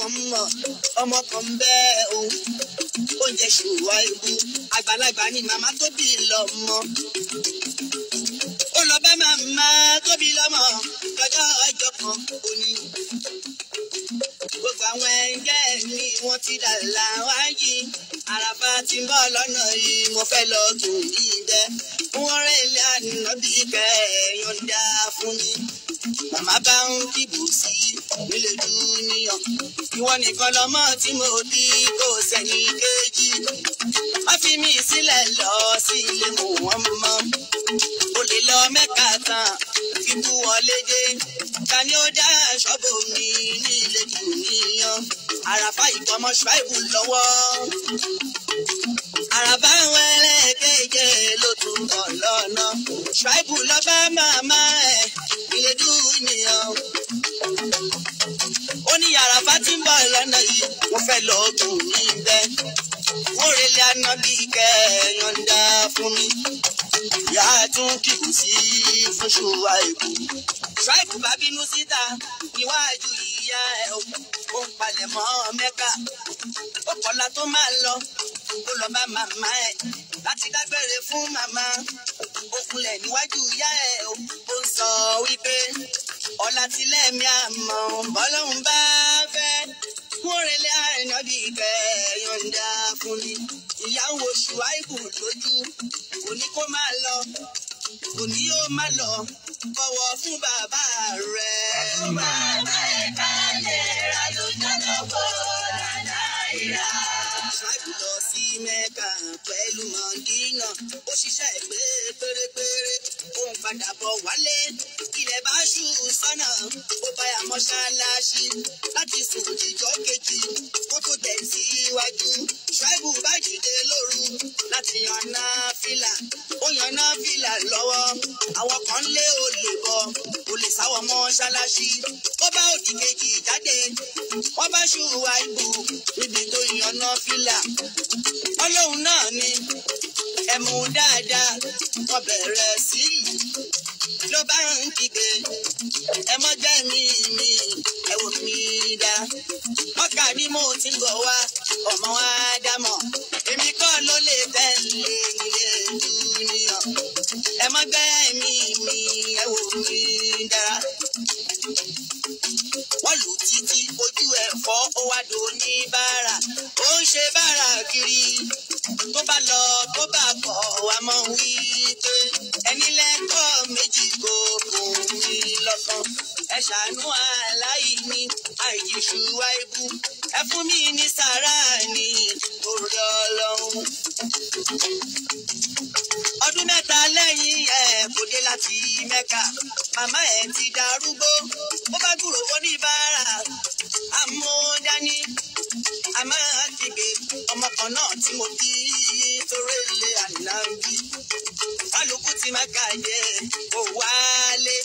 wọn mọ̀ ọmọ kan bẹ́ẹ̀ o oúnjẹ ṣùwà ewu àgbàlagbà ni màmá tó bí lọ́mọ. ó lọ bá màmá tó bí lọ́mọ lọ́jọ́ kan òní. gbogbo àwọn ẹgbẹ́ ni wọ́n ti dàlà wáyé àràfà ti ń bọ̀ lọ́nà yìí mo fẹ́ lọ tún yìí dẹ́. wọ́n rẹ̀ ilé àná bíi kẹ́ẹ̀yàn dá fún mi màmá bá ń kíbù sí i nílé dúníyàn ìwọ nìkan lọmọ tí mo bí kò sẹ́ni kejì má fi mí sílẹ̀ lọ sí ilé mò wọ́n mọ́ o lè lọ mẹ́ka tán kí bú wọlé dé ta ni ó dá ṣọ́bù mi ní ilé dúníyàn àràfà ìkọmọṣọ́ ìbù lọ́wọ́ àràbá àwọn ẹlẹ́ẹ̀kẹ́ ìjẹ́ ló tún kọ̀ lọ́nà ṣọ́ìbù lọ́ba màmá ẹ̀ ìyẹjú nìyẹn o. ó ní yàrá fati ń bọ̀ lọ́nà yìí mo fẹ́ lọ gùn mí bẹ́. wórele aná bí kẹ́ ẹ̀ yọ̀ǹda fún mi. ìyá tún kìkù sí fún ṣùgbọ́n àìkú. ṣáìbù bá bínú síta níwájú ìyá ẹ̀ o ó ń palẹ̀ mọ́ mẹ́ka ó kọ́lá tó máa lọ ó lọ bá màmá ẹ̀ láti dágbére fún màmá ó kúnlẹ̀ níwájú ìyá ẹ̀ ó ń sọ wípé ọ̀la tilẹ̀ mi àmọ́ bọ́lọ́hún bá fẹ́ kúrẹ́lẹ́ àìná bí ìfẹ́ yọ̀ǹda fún mi ìyàwó ṣùwáìkù lójú kò ní kó máa lọ kò ní ó máa lọ bọ̀wọ̀ fún bàbá rẹ̀. bàbá ẹ̀ ká ra lójú lọ́kọ̀ọ́ nàìjíríà. ṣáàbù lọ mẹ́ka pẹ̀lú mọ̀dínà ó ṣiṣẹ́ ìgbé pérépéré ó ń padà bọ̀ wálé ilẹ̀ bá ṣù sọ́nà ó bá yà mọ́ṣáláṣí láti sùn jíjọ́ kejì kó tó tẹ̀ síwájú ṣáìbù bá dìde lóru láti yànnà fìlà ó yànnà fìlà lọ́wọ́ àwọn kan lé olè bọ̀ olè sáwọ́ mọ́ṣáláṣí ó bá òdì kejì jáde wọ́n bá ṣù wáìbù níbi tó yànnà fìlà ọlọ́run náà ni ẹ mú dáadáa wọ́n bẹ̀rẹ̀ sí i ló bá ń kígbe ẹ mọ́jẹ́ mi mi ẹ wò mí dá ọkà ni mo ti ń bọ̀ wá ọmọ ádámọ̀ èmi kọ́ ló lè tẹ̀lé ilé dúníyàn ẹ mọ́jẹ́ mi mi ẹ wò mí wọ́n lù títí ojú ẹ̀ fọ́ ó wá do ní bára ó ń ṣe bára kiri tó bá lọ tó bá bọ̀ wá mọ̀ wí pé ẹni lẹ́kọ̀ọ́ méjì kò kò ní lọ́kàn ẹ ṣàánú aláìní àìjíṣu àìbù ẹ fún mi ní sàrà ní orí ọlọ́run mẹ́ta lẹ́yìn ẹ̀ eh, kò dé láti mẹ́ka màmá ẹ̀ ti darúgbó ó bá gbúrò oníbàárà àmọ́ dání àmọ́ àgbègbè ọmọ kan náà tí mo kí torí lè là ń wí. kálukú ti máa kà jẹ kó wálé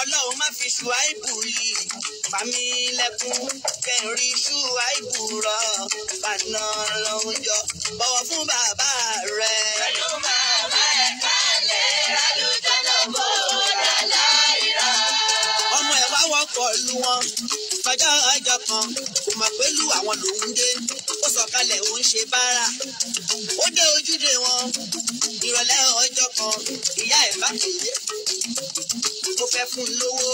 ọlọ́run má fi ṣù àìbù yìí fàmí lẹ́kún kẹrin ṣù àìbù rọ bàná lọ́hún yọ bọ̀wọ̀ fún bàbá rẹ. pẹ̀lú bàbá ẹ̀ kálẹ̀ rálùjọ́ náà bó dàlá ìrọ̀. ọmọ ẹ̀ wá wọ́pọ̀ lu wọn fọjọ́ ọjọ́ kan kò mọ̀ pẹ̀lú àwọn lòún dé sọ̀kalẹ̀ òun ṣe bára ó dé ojúde wọn ìrọ̀lẹ́ ọjọ́ kan ìyá ẹ̀ bá kéde mo fẹ́ fún un lówó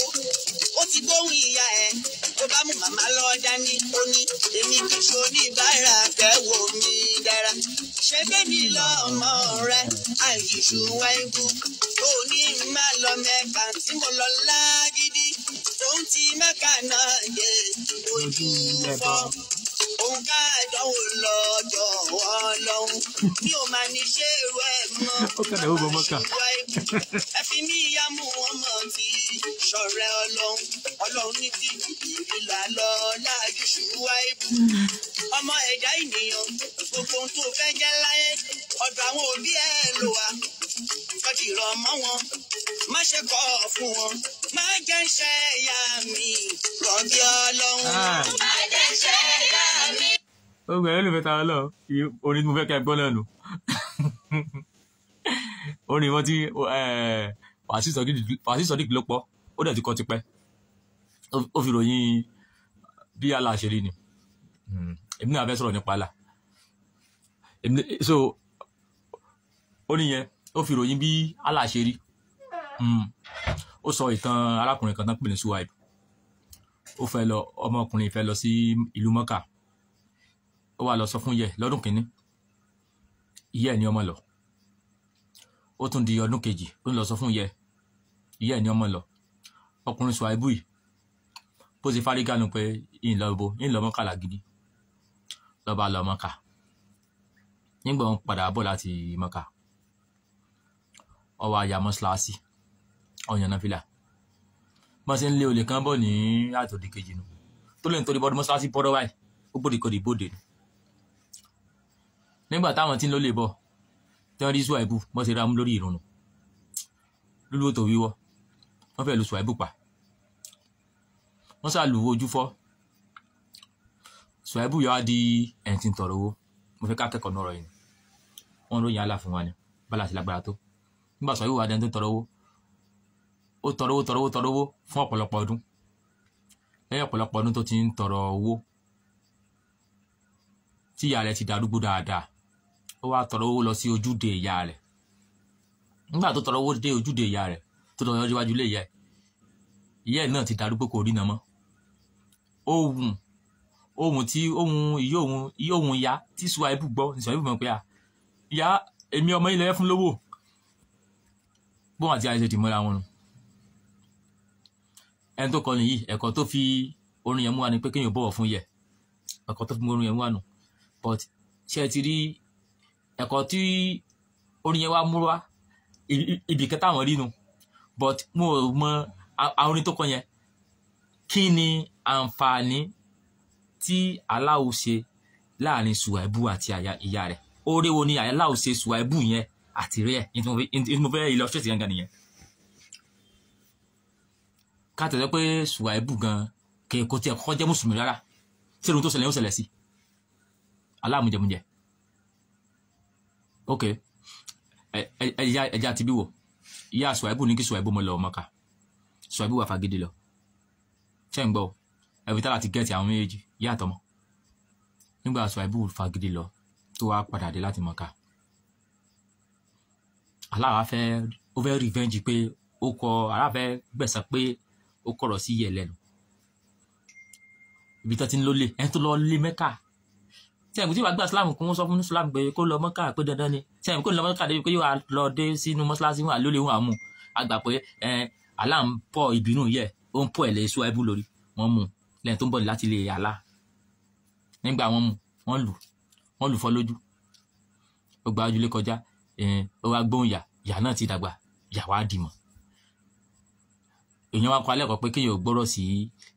ó ti gbóhùn ìyá ẹ̀ tó bá mú màmá lọ dání ó ní èmi kì í ṣe kẹwò mi dára ṣé bẹ́ẹ̀ni lọ́mọ rẹ àìṣù wáyébù tó ní má lọ mẹ́ka tí mo lọ lágídí tó ń ti mẹ́ka náà yẹ ojú fọ́ òun ká àdánwò lọ́jọ́ ọlọ́run mi ò máa ní ṣe èrò ẹ̀ mọ́ ó kàdé ó bọ́mọ́ kà ẹ fi mí ìyá mú wọn mọ̀ tí ṣọ̀rẹ́ ọlọ́run ọlọ́run ní ti ìrìlà lọ láàyè ṣùgbọ́n àìbù ọmọ ẹ̀dá ènìyàn gbogbo ohun tó fẹ́ jẹ́ láyé ọ̀dọ̀ àwọn òbí ẹ̀ ló wà kọ́tì rọ̀ mọ́ wọn má ṣe kọ́ fún wọn má jẹ́ ń ṣe ẹ̀yà mi rọ̀bì ọlọ́run. Ah ogun ẹ̀rọ ló fẹ́ ta lọ orin tí mo fẹ́ kẹ́ gbọ́ náà nù orin wọn ti Wàsíù Sọ́díkì ló pọ̀ ó dẹ̀ ti kọ́ tipẹ́ ó fi ròyìn bí àlà ṣe rí ni èmi náà fẹ́ sọ̀rọ̀ nípa àlà so ó nìyẹn ó fi ròyìn bí àlà ṣe rí hmm. ó sọ ìtàn arákùnrin kan tán pè ní suwaib ó fẹ́ lọ ọmọkùnrin fẹ́ lọ sí ìlú mọ́kà ó wá lọ sọ fún yẹ lọ́dún kìíní ìyá ẹ̀ ní ọmọ lọ ó tún di ọdún kejì ó ń lọ sọ fún yẹ ìyá ẹ̀ ní ọmọ lọ ọkùnrin sọ àìbùyì bó ti fárígá nu pé ìyìn lọ bo ìyìn lọ mọ́kà làgídí lọ́ba lọ mọ́kà nígbà wọn padà bọ̀ láti mọ́kà ọwọ́ àyà mọ́ṣáláṣí ọ̀yàn náà fìlà bọ́n ṣe ń lé olè kan bọ̀ ní àtòdì kejì nu tó lè ń torí bọ́dún mọ́ṣáláṣí bọ́dọ̀ báyìí ó gbòdìkodì bòde ni nígbà táwọn tí ń lólè bọ̀ tí wọ́n rí Ṣùwàìbù wọ́n ti ra mú lórí ìrònú lúlú tó wíwọ́ wọ́n fẹ́ lu Ṣùwàìbù pa wọ́n sá lu ojú fọ́ Ṣùwàìbù yọ á di ẹ̀ǹ tí owó mo fẹ́ ká kẹ́kọ̀ọ́ nọ̀rọ̀ yìí wọ́n ń ròyìn àlà fún wa ni bálà sí lágbára tó nígbà Ṣùwàìbù wà dẹ́n tó owó ó tọrọ owó tọrọ owó tọrọ owó fún ọ̀pọ̀lọpọ̀ ọdún lẹ́yìn ọ̀pọ̀lọpọ̀ ọdún tó ti ń tọrọ owó tí ìyá ti darúgbó dáadáa ó wá tọrọ owó lọ sí ojúde ìyá rẹ̀ nígbà tó tọrọ owó dé ojúde ìyá rẹ̀ tó tọrọ ọjọ́ iwájú ilé ìyá ẹ̀ ìyá ẹ̀ náà ti darúgbó kò rí nà mọ́ ohun ohun tí ohun iye ohun iye ohun ya tí Suwaibu gbọ́ ní Suwaibu mọ̀ pé à ìyá èmi ọmọ ilẹ̀ ẹ̀ fún lówó bóun àti àìsè ti mọ́ra wọn ẹni tó kọ nìyí ẹ̀kọ́ tó fi orin yẹn mú wa ni pé kéèyàn bọ̀wọ̀ fún yẹ ẹ̀kọ́ tó fi orin yẹn mú wa nù but ṣé ẹ ti rí ẹ̀kọ́ tí orin yẹn wá múrò wá ibì kan táwọn rí nu but mo ò mọ àwọn orin tó kọ yẹn kí ni àǹfààní tí aláwo ṣe láàrin suwaibu àti ìyá rẹ̀ oore wo ni aláwo ṣe suwaibu yẹn àti rẹ̀ ní mo fẹ́ illustrate gangan nìyẹn ká tẹ̀lé pé suwaibu gan kò tiẹ̀ kọ́kọ́ jẹ́ mùsùlùmí rárá ṣé ohun tó ṣẹlẹ̀ yóò ṣẹlẹ̀ sí aláàmújẹmújẹ ok ẹja ẹja ti bí wò ya Ṣùwàìbù ní kí Ṣùwàìbù mọ lọ Mákà Ṣùwàìbù wà fagídí lọ ṣe ń gbọ́ ẹbí tá láti gẹ̀ẹ́tì àwọn méjèèjì ìyá àtọmọ nígbà Ṣùwàìbù fagídí lọ tó wá padà dé láti Mákà aláwa fẹ́ ó fẹ́ rìvẹ́ǹjì pé ó kọ aláfẹ́ gbẹ̀sán pé ó kọ̀rọ̀ sí yẹ̀ lẹ́nu ibi tó ti ń lólè ẹni tó lọ lé Mẹ́kà sẹ́yìn tí wàá gba islam kún sọ fún islam pé kó lọ mọ́kà pé dandan ni sẹ́yìn kó lọ mọ́kà débi pé yóò lọ dé sínú mọ́ṣáláṣí wọn àlólè wọn àmú àgbà pé àlá ń pọ̀ ìbínú yẹ ó ń pọ̀ ẹ̀lẹ́ iṣu ẹbú lórí wọn mú lẹ́yìn tó ń bọ̀ láti lè àlá nígbà wọn mú wọn lù wọn lù fọ́ lójú ó gba ojúlé kọjá ó wá gbóhùn yà yà náà ti dàgbà yà wá dìmọ̀ èèyàn wa kọ alẹ́ kọ pé kéèyàn gbọ́rọ̀ sí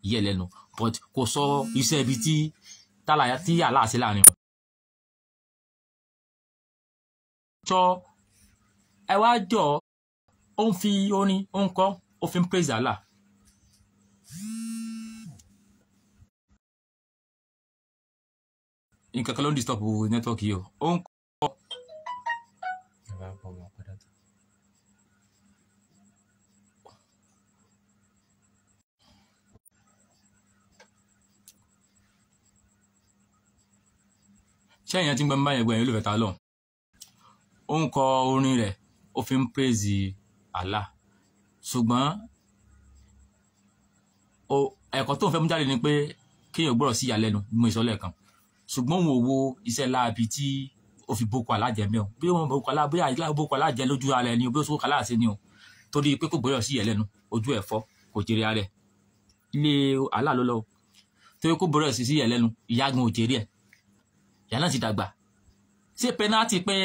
iyẹ̀ lẹ́nu but kò sọ iṣẹ́ ibi tí tí yàrá àṣẹ láàrin wọn. jọ ẹ wá jọ o ń fi orin ó ń kọ o fi ń praise Allah. nǹkan kan ló ń disturb network yìí o ó ń ṣé èèyàn ti ń gbọ́ bá yẹn gbọ́ ẹ̀yin olùfẹ́ ta lọ́hùn ó ń kọ orin rẹ̀ ó fi ń praise Allah ṣùgbọ́n ẹ̀kọ́ tó ń fẹ́ mú jáde ni pé kéèyàn gbọ́rọ̀ sí ìyàlẹ́nu bí mo sọ lẹ́ẹ̀kan ṣùgbọ́n òun ò wo iṣẹ́ láabi tí ó fi boko alájẹ mẹ́wọ̀n bí wọ́n boko alájẹ bóyá boko alájẹ lójú ara ẹni o bí ó sọ́kọ́ aláàṣẹ ni o torí pé kò gbọ́rọ̀ sí ìyàlẹ́nu ojú ẹ̀ kò jèrè ara ẹ̀ ilé Allah torí kò gbọ́rọ̀ sí ìyàlẹ́nu ìyágun ò jèrè ẹ̀ yàrá ti dàgbà ṣé penalty pé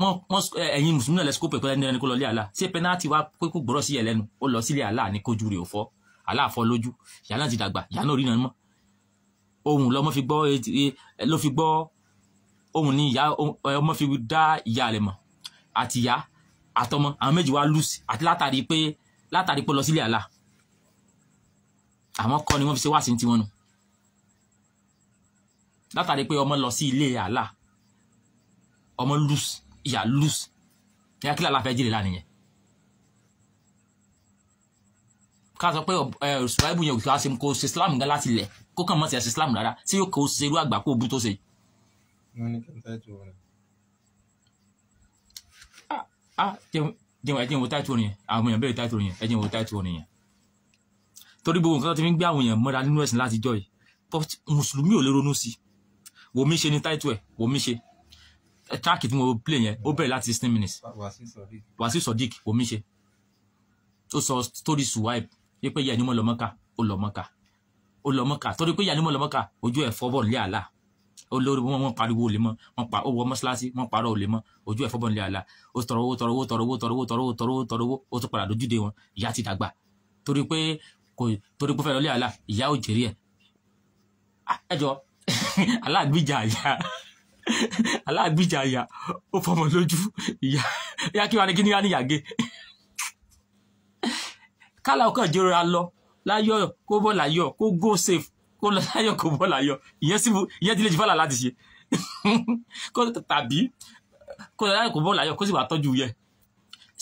wọn wọn ẹ̀yin mùsùlùmí náà lẹsùkò pẹpẹ ẹni ẹni kó lọ ilé àlá ṣé penalty wá pé kó gbọ́rọ̀ sí ẹlẹ́nu ó lọ sílé àlá ní kójú rẹ̀ ò fọ́ àlá àfọ́ lójú yàrá ti dàgbà yàrá orí náà mọ́ ohun lọmọ fi gbọ́ ló fi gbọ́ ohun ni ìyá ọmọ fi dá ìyá rẹ̀ mọ̀ àti ìyá àtọmọ àwọn méjì wá lùsì àti látàrí pé látàrí pé lọ sílé àlá àwọn kọ́ ni wọ́n fi ṣe wá sí tiwọn nù látàrí pé ọmọ lọ sí ilé àlà ọmọ lùs ìyá lùs ìyá kí làlá fẹ́ jèrè lánìí yẹn ká sọ pé ṣùgbọ́n yẹn kò ṣe kò ṣe islam gan láti ilẹ̀ kó kàn mọ́ sí ẹ̀sìn islam rárá tí yóò kó ṣe irú àgbà kó bú tó ṣe. jẹun ẹjẹ wo táìtù orin yẹn àwọn èèyàn bẹ̀rẹ̀ táìtù orin yẹn ẹjẹ wo táìtù orin yẹn torí gbogbo nǹkan tó ti fi ń gbé àwọn èèyàn mọ́ra nínú ẹ̀sìn láti jọ yìí mùsùlùmí ò lè ronú sí i wòmí ṣe ni title ẹ̀ wòmí ṣe track tí mo play yẹn ó bẹ̀rẹ̀ láti sixteen minutes Wàsíù Sodiq wòmí ṣe ó sọ story suwaib wípé yẹ ni mo lọ mọ́ka ó lọ mọ́ka ó lọ mọ́ka torí pé yẹ ni mo lọ mọ́ka ojú ẹ̀ fọ́bọ̀ lé àlá olórí wọn wọn pariwo olè mọ wọn pa owó mọ́ṣáláṣí wọn parọ́ olè mọ ojú ẹ̀ fọ́bọ̀ lé àlá ó tọrọ owó tọrọ owó tọrọ owó tọrọ owó tọrọ owó tọrọ owó tọrọ owó ó tún padà dojúde wọn ìyá ti dàgbà torí pé kò torí pé fẹ́ lọ lé àlá ìyá ò jèrè ẹ̀ ah, ẹjọ́ aláàgbìjà àyà aláàgbìjà àyà ó fọmọ lójú ìyá ìyá kí wàá ní kí ni wàá ní ìyàgé kálá ọkàn jọra lọ láyọ̀ kó bọ láyọ̀ kó go safe kó lọ láyọ̀ kó bọ láyọ̀ ìyẹn síbu ìyẹn ti lè jù fọlá láti ṣe kó tàbí kó lọ láyọ̀ kó bọ láyọ̀ kó sì wàá tọ́jú yẹ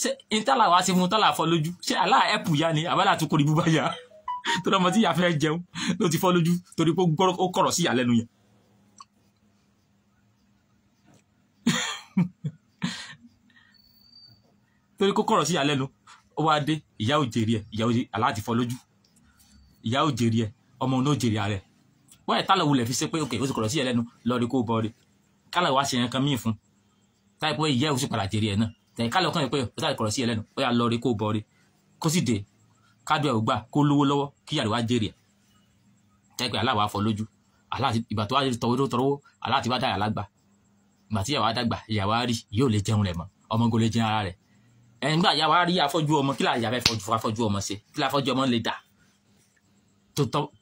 ṣé ìtàlà wa ṣe fún tàlà fọ lójú ṣé aláà yá ni àbálà tó kórìí búbá yá torí ọmọ tí ìyá fẹ́ jẹun ló ti fọ́ lójú torí pé ó kọ̀rọ̀ sí ìyá lẹ́nu yẹn. torí kó kọ̀rọ̀ sí ìyá lẹ́nu ó wá dé ìyá ò jèrè ẹ̀ ìyá ò jèrè aláàtì fọ́ lójú ìyá ò jèrè ẹ̀ ọmọ òun ò jèrè ààrẹ wọ́n ẹ̀ tálọ̀ wulẹ̀ fi ṣe pé ok ó ti kọ̀rọ̀ sí ìyá lẹ́nu lọ́ọ̀rì kó bọ́ọ̀rì kálọ̀ wá ṣe yẹn kan míì fún táyì pé ìyá ò sì padà jèrè ẹ̀ náà tẹ̀yìn kálọ̀ kan yìí pé ó ti kọ̀rọ̀ sí ìyá lẹ́nu ó yà lọ́ọ̀rì kó bọ́ọ̀rì kó sì dé kádùá ò gbà kó lówó lọ́wọ́ kí yàrá wa jèrè tẹ́ pé aláwa fọ lójú aláàtì ìgbà tó wá tọwọ́ tó tọwọ́ aláàtì bá dáyà lágbà ìgbà tí yàwá dàgbà ìyàwá rí yóò lè jẹun rẹ̀ mọ́ ọmọ kò lè jẹun ara rẹ̀ ẹ̀ǹgbà yàwá rí afọ́jú ọmọ kí làyà fẹ́ afọ́jú ọmọ ṣe kí làfọ́jú ọmọ lè dà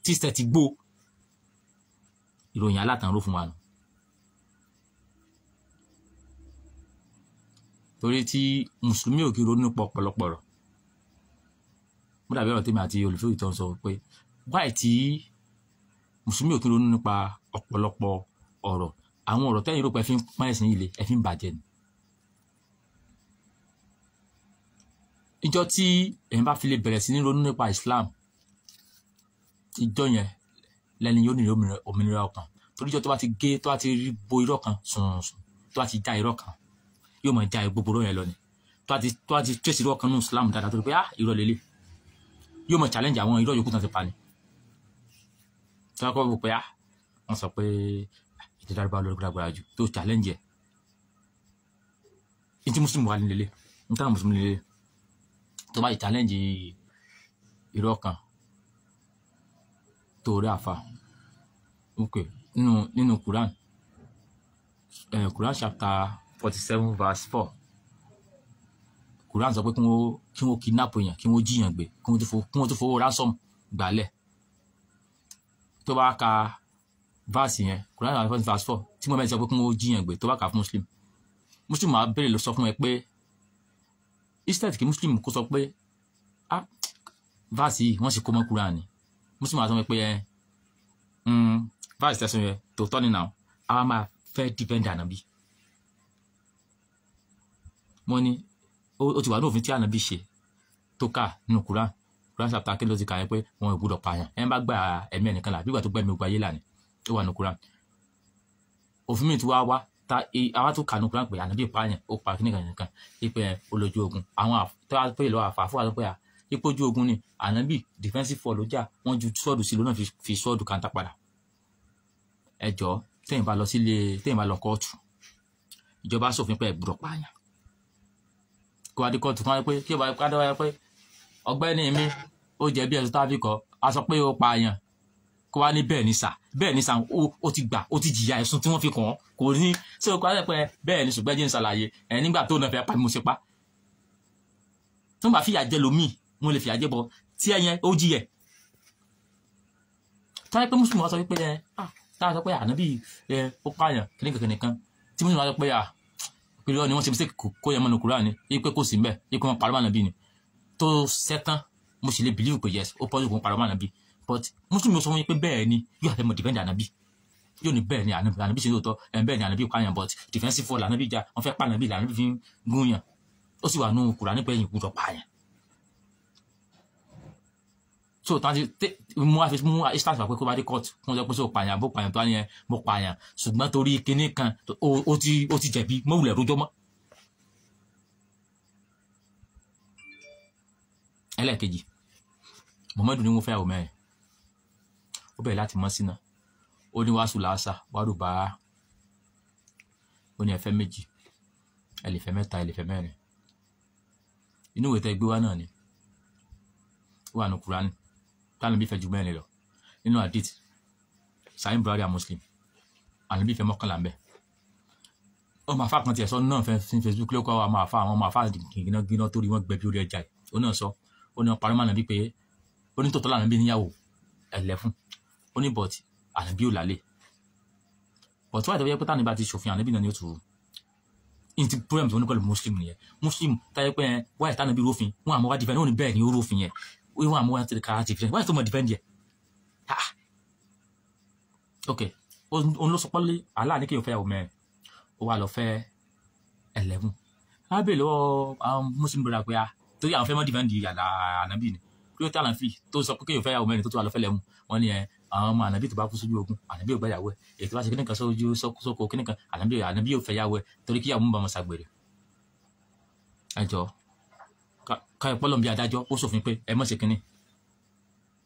tíṣẹ̀ ti gbó ìròyìn alátànró fún wa nù. torí tí mùsùlùmí ò ronú pọ̀ pọ̀lọpọ̀rọ̀ ó dàbí ọ̀rọ̀ tèmi àti olùfẹ́ ìtàn sọ pé wáì tí mùsùlùmí ò kí ronú nípa ọ̀pọ̀lọpọ̀ ọ̀rọ̀ àwọn ọ̀rọ̀ tẹ́yìn rògbà ẹ fi ń pọ́n ẹ̀sìn yìí le ẹ fi ń bàjẹ́ ni. ìjọ tí ẹ̀yin bá fi lè bẹ̀rẹ̀ sí ní ronú nípa Islam ìjọ yẹn lẹ́ni yóò nílò òmìnira ọkàn torí ìjọ tó bá ti gé tó bá ti rí bo irọ́ kan sùnrùnsùn tó bá ti já irọ́ kan yóò máa já gbogbo irọ́ yẹn lọ ni tó bá ti tó bá ti tẹ̀sí irọ́ kan nù Islam dáadáa tó rí pé ah irọ́ lélẹ̀ yóò mọ̀ challenge àwọn irọ́ yòókù tán ti pa ni tí wọ́n kọ́ wò pé ah wọ́n sọ pé ah, ètò ìdárúbá olórí kúrò jù tó challenge ẹ̀ ní tí muslim wà nílé ní táwọn muslim nílé tó bá yìí challenge irọ́ kan tó rí àfa ok nínú nínú Quran eh, Quran chapter forty seven verse four. Quran sọ pé kí wọ́n kí wọ́n kidnap èèyàn kí wọ́n jíyàn gbé kí wọ́n tún fowó ransom gbàlẹ̀ tó bá ka verse yẹn Quran sọ pé verse four tí Muhammad sọ pé kí wọ́n jíyàn gbé tó bá ka Muslim Muslim máa bẹ̀rẹ̀ lọ sọ fún ẹ pé instead kí Muslim kó sọ pé ah verse yìí wọ́n sì kó mọ́ Quran ni Muslim máa sọ pé ẹ eh, mm, verse tẹ̀sán yẹn tó tọ́ ni now a máa fẹ́ depend ànábì wọ́n ní ó ti wà ní òfin tí ànábì ṣe tó kà nínú Quran Quran chapter kí ló ti kà yẹn pé wọn ò gbúdọ̀ pààyàn ẹ̀ ń bá gba ẹ̀mí ẹnìkan là bígbà tó gbẹ́mí ogun ayé lànà ó wà ní Quran òfin mi ti wá wá ta àwa tó kà ní Quran pé ànábì pààyàn ó pa kíníkan nìkan ipe olójú ogun àwọn tó wá pé lọ́wọ́ àfààfọ́ àti pé ipò ojú ogun ni ànábì defensive fall ló jà wọ́n ju sọ́ọ̀dù sí lónà fi sọ́ọ̀dù kàńtà padà ẹjọ́ téèyàn bá lọ sílé téèyàn bá lọ kóòtù ìjọba ṣòfin pé gbúdọ̀ pààyàn kó wá di kóòtù kan pé kí wọ́n bá dáwọ́ pé ọ̀gbẹ́ni mi ó jẹ̀bi ẹ̀sùn tábí kọ́ a pé ó pa àyàn kó wá ní bẹ́ẹ̀ ni sà bẹ́ẹ̀ ni sà ó ti gbà ó ti jìyà ẹ̀sùn tí wọ́n fi kàn án kò ní ṣé o kọ́ ẹ pé bẹ́ẹ̀ ni ṣùgbọ́n jẹ́ ń ṣàlàyé ẹ̀ nígbà tó náà fẹ́ pa mo ṣe pa tó ń bá fìyà jẹ lómi mo lè fìyà jẹ bọ tí ẹ yẹn ó jìyẹ táyé pé mùsùlùmí wa sọ wípé ẹ táyà sọ pé ànábì ẹ ó pààyàn kìnnìkan tí mùsùlùmí wa sọ pé à pé lọ́wọ́ ni wọ́n ṣe mistake kó yẹn mọ́nu Kùránì yí pé kò sí mbẹ́ yí pé wọ́n parọ́ mọ́nà bí ni tó sẹ́tàn mo sì lè believe pé yes ó pọ́jú kó parọ́ mọ́nà bí but mùsùlùmí sọ fún mi pé bẹ́ẹ̀ ni yóò àlẹ́ mọ̀ defend ànábì yóò ní bẹ́ẹ̀ ni ànábì ṣe lóòótọ́ ẹ̀ bẹ́ẹ̀ ni ànábì pààyàn but defensive fall ànábì jà wọ́n fẹ́ pààyàn bí ànábì fi ń gún yàn ó sì wà so tán ti mú wá fi mú instance wà pé kó bá dé court kó jẹ́ pé so pààyàn bó pààyàn tó á nìyẹn mo pààyàn ṣùgbọ́n torí kinní kan ó ti ó ti jẹ̀bi mọ́wùlẹ̀ rújọ́ mọ́. ẹlẹ́ẹ̀kejì Muhammadu ni mo fẹ́ àwọn mẹ́rin ó bẹ̀rẹ̀ láti mọ́ sínú ó ní wàásù làásà wàrú bá ó ní ẹ̀fẹ́ méjì ẹlẹ́fẹ́ mẹ́ta ẹlẹ́fẹ́ mẹ́rin inú ìwé tẹ́ gbé wá náà ni ó wà ní Kúránì táwọn ibi fẹ́ ju mẹ́rin lọ nínú hadith sahih buhari and muslim àwọn ibi fẹ́ mọ́kànlá mbẹ́ ó máa fà kan tiẹ̀ sọ náà fẹ́ sí facebook lóko àwọn máa fà àwọn máa fà gíná gíná torí wọ́n gbẹ bí orí ẹja yìí ó náà sọ ó ní parí mànà bíi pé ó ní tòótọ́ lànà bíi níyàwó ẹlẹ́fún ó ní bọ̀t àná bí ò lálẹ́ bọ̀t wáyé tó yẹ pé táwọn ibà ti ṣòfin àná bí náà ni ó tù ú inti problem tó ní pẹ̀lú muslim nìyẹn muslim táyẹ pé wáyé táwọn ibi rófin wọn àmọ́ wá dìfẹ́ ní òun bẹ́ẹ̀ ni ó rófin even I'm going to the character defense. Why so much defend here? Ah. Okay. Òun ló sọ pé Allah ní kí o fẹ́ ọmọ ẹ̀. Ó wà lọ fẹ́ eleven. Á bèèrè lọ́wọ́ àwọn um, Muslim brother pé a ah, torí àwọn fẹ́ mọ́ defend yàrá ànábì ni. Kí ló tẹ́ àlàáfíà tó sọ pé kí o fẹ́ ọmọ ẹ̀ tó tó wà lọ fẹ́ lẹ́mú. Wọ́n ní ẹ̀ àwọn ọmọ ànàbí tó bá kú sójú ogun ànàbí ò gbàyàwó ẹ èyí tó bá ṣe kí nìkan sójú sóko kí nìkan ànàbí ò fẹ́ yàwó ẹ torí kíyàwó ń bá wọn káyọ̀ pọ́lọ̀ bí adájọ́ ó ṣòfin pé ẹ mọ̀ ṣe kínní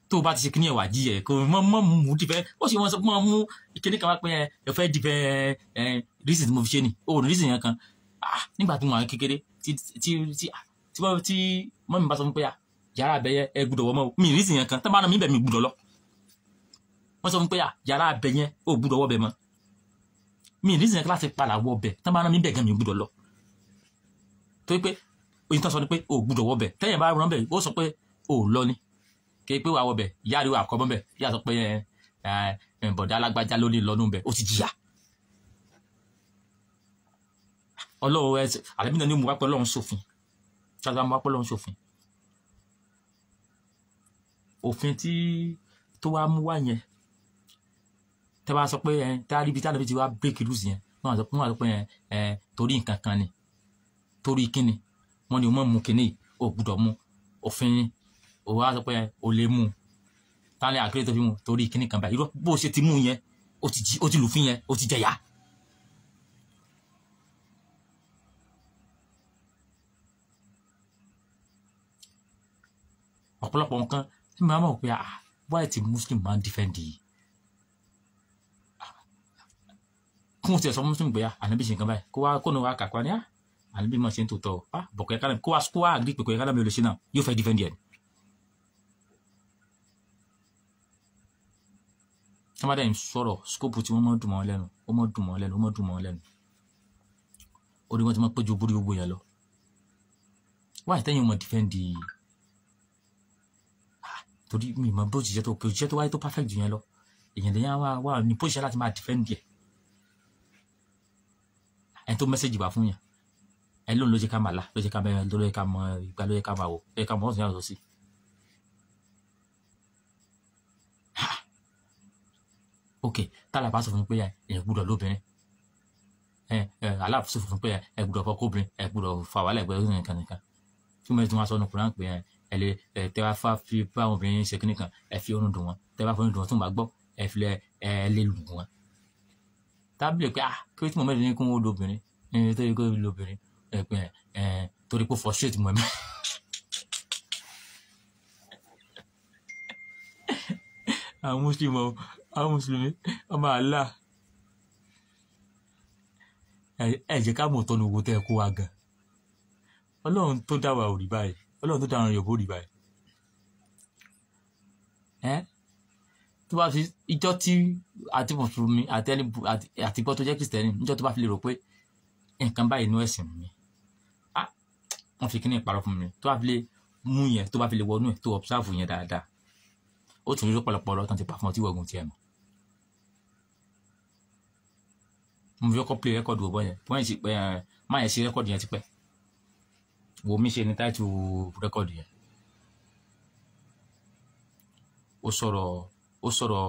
tó o bá ti ṣe kínní ẹ̀ wà jí ẹ̀ kó mọ̀ mọ̀ mú dìbẹ́ ó sì wọ́n sọ mọ̀ mú kínní kan wá pé ẹ fẹ́ dìbẹ́ ẹ reason tí mo fi ṣe ni o ò ní reason yẹn kan ah, nígbà tí mo wà kékeré tí tí tí ah, tí mọ́mi bá sọ fún pé ah, yàrá abẹ́yẹ ẹ gbúdọ̀ wọ́ mọ́ mi reason yẹn kan tó bá mi bẹ̀ mi gbúdọ̀ lọ wọ́n sọ fún pé yàrá abẹ́yẹ ò gbúdọ̀ wọ́ bẹ̀ mọ́ mi reason yẹn kan láti padà wọ́ bẹ̀ tó bá mi bẹ̀ gan mi gbúdọ̀ lọ torí pé oyin tán sọ ni pé o gbúdọ̀ wọ bẹ̀ tẹ́yìn bá rán bẹ̀ ó sọ pé o lọ ni kéé pé wà wọ bẹ̀ yáa rí wà kọ́ bọ́n bẹ̀ yáa sọ pé bọ̀dá alágbájá ló ní lọ́nù bẹ̀ ó ti jìyà. ọlọ́wọ́ ẹ àlẹ́bí náà ni mo wá pẹ́ lọ́run sófin ṣáàtà mo wá pẹ́ lọ́run sófin. òfin tí tó wá mú wá yẹn tẹ́ bá sọ pé ẹ tá a rí ibi tí àlẹ́bí ti wá bírèkì lùsì yẹn wọ́n á sọ pé torí nǹkan kan ni torí kíni wọ́n ní o mọ̀ mú kinní o gbúdọ̀ mú òfin o wá sọ pé o lè mú tálẹ̀ àkérè tó fi mú torí kinní kan báyìí bó o ṣe ti mú yẹn o ti lùfín yẹn o ti jẹ̀yà. ọ̀pọ̀lọpọ̀ nǹkan tí màá mọ̀ pé ah why ti muslim máa ń dífẹ́ǹdì yìí ah, kún un ti ẹ̀ sọ muslim pé ah ànábìsí nǹkan báyìí kó wá kó nu wá kàkọ́ ni ah ànábì mọ̀ ṣe ń tòótọ́ o ah bọ̀kọ̀ ẹ̀ka kó wa kó wa àgbì pẹ̀kọ̀ ẹ̀ka mi ò lè ṣe náà yóò fẹ́ dífẹ́ndì ẹ̀. tọ́mọdé yìí sọ̀rọ̀ skóòpù tí wọ́n mọ̀ dùn mọ́ lẹ́nu ó mọ̀ dùn mọ́ lẹ́nu ó mọ̀ dùn mọ́ lẹ́nu ó ní wọ́n ti mọ̀ pé ju búrí gbogbo yẹn lọ. torí mi mọ̀ bó jìjẹ́ tó jìjẹ́ tó wáyé tó perfect jù yẹn lọ èyàn lè yàn wá wá ní pósíṣẹ́ láti máa dífẹ́ndì ẹ̀ ẹni tó mẹ́sẹ̀jì wá fún yẹn ẹ lóun ló jẹ́ ká máa la ló jẹ́ ká máa ló yẹ ká mọ ìgbà ló yẹ ká máa ló yẹ ká mọ ọ̀sán yàtọ̀ sí. ok tálà bá sọ fún mi pé èèyàn gbúdọ̀ lóbìnrin aláàfin sọ fún mi pé ẹ gbúdọ̀ fọkóbìnrin ẹ gbúdọ̀ fà wàhálà ẹgbẹ́ ọ̀sán nìkan nìkan tí mo ti máa sọ ọ́nù kúrán pé ẹ lè tẹ wá fà fi bá àwọn obìnrin ṣe kíní kan ẹ fi oorun dùn wọn tẹ bá fọyín dùn wọn tó ń bá gbọ́ ẹ fi ẹ lè lù wọn. tábìlì pé ah kí ló ti mọ̀ mẹ́rin ní kí wọ́n lóbìnrin ní tó yẹ kó lóbìnrin ẹ̀pẹ̀ ẹ̀ torí pé frustrate mọ̀ mí. àwọn mùsùlùmí àwọn mùsùlùmí ọmọ àlá ẹ jẹ́ ká mọ̀ tọ́nu owó tẹ́ ẹ kó wa gan ọlọ́run tó dá wa ò rí báyìí ọlọ́run tó dá àwọn Yorùbá ò rí báyìí ẹ tó bá fi ìjọ tí àti mùsùlùmí àti àtibọ́ tó jẹ́ kìrìsìtẹ́nì níjọ́ tó bá fi lè rò pé nǹkan báyìí inú ẹ̀sìn mi wọ́n fi kíní ìparọ́ fún mi tó bá fi lè mú yẹn tó bá fi lè wọnú ẹ̀ tó observe yẹn dáadáa ó tún rí lọ́pọ̀lọpọ̀ ọ̀rọ̀ tán ti pa fún ọ tí wọ́gùn tiẹ̀ nù. mo fi kọ́ play record wò bọ́ yẹn bọ́ yẹn ti pẹ́ eh, máa yẹn ṣe record yẹn ti pẹ́ wò mí ṣe ni táìtù record yẹn. ó sọ̀rọ̀ ó sọ̀rọ̀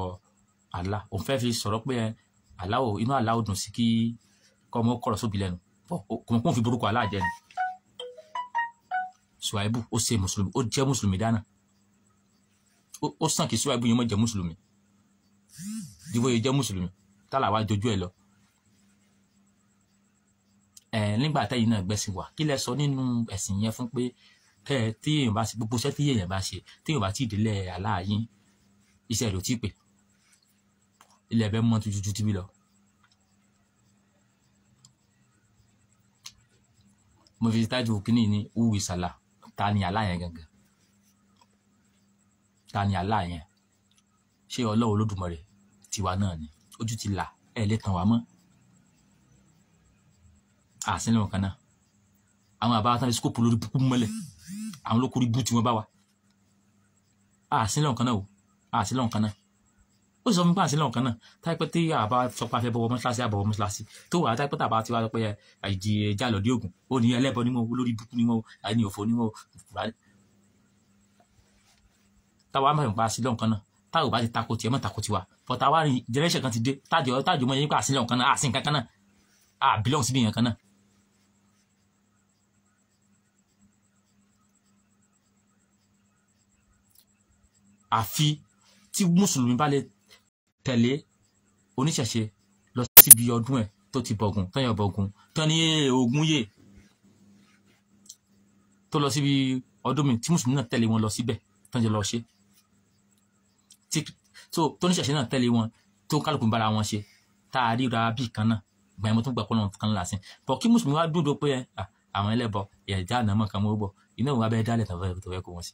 àlá òun fẹ́ fi sọ̀rọ̀ pé eh, àlá ò inú àlá ò dùn sí kí kọ́ ọmọ kọ̀rọ̀ sóbi lẹ́nu kò mọ̀ kó fi burúkú àlá jẹ ni suwaibu ó ṣe mùsùlùmí ó jẹ́ mùsùlùmí dáná ó sàn kí suwaibu yẹn mọ̀ jẹ́ mùsùlùmí dìbò yẹn jẹ́ mùsùlùmí tálà wá jojú ẹ̀ lọ. ẹ̀ nígbà tẹ́yìn náà gbẹ̀sìn wà kí lẹ sọ nínú ẹ̀sìn yẹn fún pé kẹ́ ẹ tí èèyàn bá ṣe gbogbo iṣẹ́ tí èèyàn bá ṣe tí èèyàn bá ti ìdílé aláàyín iṣẹ́ rẹ̀ ò tí ì pè ilẹ̀ ẹ̀bẹ̀ mọ́ tuntun ju tíbi lọ. mo fi tájú kínní ní uwi ta ni àlá yẹn gangan ta ni àlá yẹn ṣé ọlọ́run olódùmarè tiwa náà ni ojú ti là ẹ̀ lè tàn wá mọ́ àsìnlẹ̀ wọn kan náà àwọn àbá tán scope lórí púpù mọ́lẹ̀ àwọn lókùrí bú tí bá wa àsìnlẹ̀ wọn kan náà o àsìnlẹ̀ wọn kan náà ó sì sọ fún pàṣẹ lọ́nà kan náà táìpẹ́ tí àbá sọ pé a fẹ́ bọ́wọ́ mọ́ṣáláṣí àbọ̀wọ́ mọ́ṣáláṣí tó wà táìpẹ́ tàbá ti wá sọ pé àìjì ẹja lọ́dí ògùn ó ní ẹlẹ́bọ nímọ̀ olórí búkú nímọ̀ àìní òfò nímọ̀ táwa máa ń pa àṣìlọ nǹkan náà táwa ò bá ti takò tiẹ̀ mọ́ takò tiwa bọ́ táwa rìn generation kan ti dé tájọ tájọ mọ́ yẹn tí mùsùlùmí bá lè tẹ̀lé oníṣẹ̀ṣe lọ síbi ọdún ẹ̀ tó ti bọ̀gùn tọ́yàn bọ̀gùn tán ní ogun yè tó lọ síbi ọdún mi tí mùsùlùmí náà tẹ̀lé wọn lọ síbẹ̀ tán jẹ́ lọ ṣe tó oníṣẹ̀ṣe náà tẹ̀lé wọn tó kálukú bára wọn ṣe tá a ríra bí kan náà gbàyàn mo tún gbà pọ́nlọ́n kan lásìn bọ̀ kí mùsùlùmí wá dúdú pé àwọn ẹlẹ́bọ ẹ̀dá ànámọ̀ kan mọ́ bọ̀ iná òun abẹ́ dálẹ̀ tàbí tòwẹ́ kó wọn sí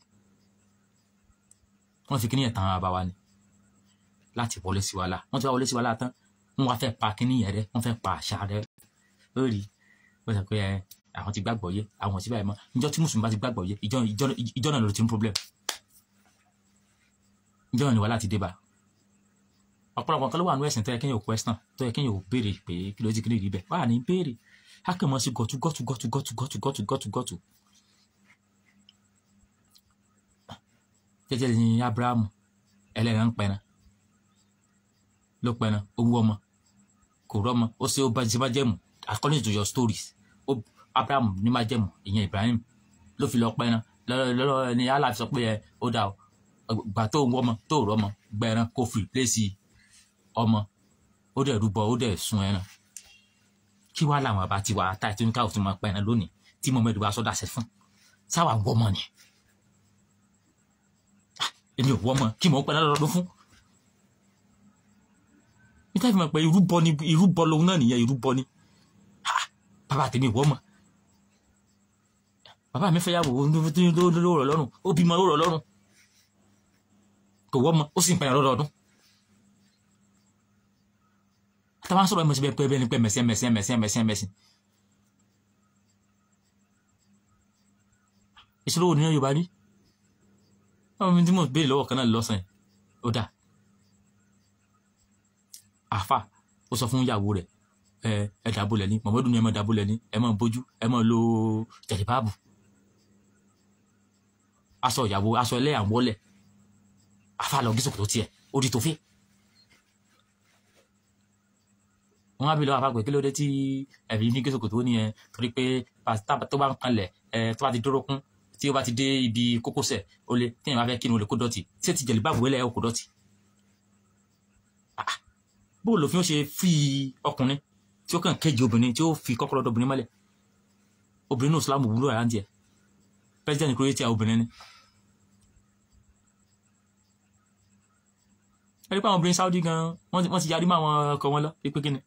wọ́n fi kí ní ẹ̀tàn ara wa ni láti wọlé sí wàhálà wọ́n ti wá wọlé sí wàhálà tán wọ́n wá fẹ́ pa kínní yẹn rẹ wọ́n fẹ́ pa àṣà rẹ ó rí wọ́n sọ pé àwọn ti gbàgbọ́ yé àwọn ti báyìí mọ́ ìjọ tí mùsùlùmí bá ti gbàgbọ́ yé ìjọ náà ló ti ń problem ìjọ náà ni wàhálà ti dé bá ọ̀pọ̀lọpọ̀ kan ló wà nínú ẹ̀sìn tó yẹ kéèyàn question tó yẹ kéèyàn béèrè pé kí ló ti kí ni rí bẹ́ẹ̀ wà ní béèrè á kàn mọ́ sí gọ̀tù gọ̀tù gọ̀tù gọ̀tù gọ̀tù gọ̀tù gọ̀tù gọ̀tù jẹ́jẹ́ ni Abrahamu ẹlẹ́ran ń pẹran ló pẹran owó ọmọ kò rọmọ ó ṣe ó bá ṣe májẹ̀mú according to your stories ó abraham ní májẹ̀mú ìyẹn ibrahim ló fi lọ pẹran lọ́lọ́ ni allah fi sọ pé ẹ ó dà ó gbà tó ń wọ́mọ tó rọmọ gbẹran kó fi pèsè ọmọ ó dẹ̀ rúbọ ó dẹ̀ sun ẹran kí wàá làwọn àbá tiwa táì tó ní káwọ́ tó máa pẹran lónìí tí mohammed wa sọ́dà ṣe fún sáwà wọ́mọ ni ah, èmi ò wọ́mọ kí mò ń pẹran lọ́dọọdún fún níta fi mọ̀ pé irúbọ ni irúbọ lòun náà nìyẹn irúbọ ni bàbá tèmi ìwọ mọ̀ bàbá mi fẹ́ yàwó ló rọ̀ lọ́rùn ó bímọ ó rọ̀ lọ́rùn kò wọ́ mọ ó sì ń pẹ̀yà lọ́dọọdún táwọn sọ̀rọ̀ ẹ̀mọ̀sí bẹ́ẹ̀ pẹ́ bẹ́ẹ̀ ni pẹ́ mẹ̀sìn mẹ̀sìn mẹ̀sìn mẹ̀sìn mẹ̀sìn ìṣòro òní Yorùbá rí ọmọ mi tí mo béèrè lọ́wọ́ kan náà lọ́sàn-án ó dáa àfà ó sọ fún ìyàwó rẹ̀ ẹ ẹ dàbọ̀lẹ̀ ní mọ̀mọ́dún ni ẹ mọ̀ dàbọ̀lẹ̀ ní ẹ mọ̀ bójú ẹ mọ̀ lo jẹ̀dẹ̀báàbù aṣọ ìyàwó aṣọ ẹlẹ́yà ń wọlẹ̀ àfà lọ gíṣòkòtò tiẹ̀ ó di tòfin wọn á bí lọ àpapọ̀ kí ló dé tí ẹ̀mí ní gíṣòkòtò ní ẹ torí pé tó bá ń kanlẹ̀ ẹ tó bá ti dúró kún tí ó bá ti dé ibi kókósẹ̀ ó lé téèyàn bá fẹ́ kí ni ó lè kó dọ̀tí ṣé ti jẹ̀lẹ́báàbù ẹlẹ́yà ó kó dọ̀tí bóò lòfin ó ṣe fi ọkùnrin tí ó kàn kéje obìnrin tí ó fi kọ́kọ́rọ́ dọ obìnrin mọ́lẹ̀ obìnrin náà Islam wúlò àyà ń tiẹ̀ president Croatia obìnrin ni. ẹni pé àwọn obìnrin Saudi gan wọ́n ti yarí mọ́ àwọn ọkọ wọn lọ pé kí ni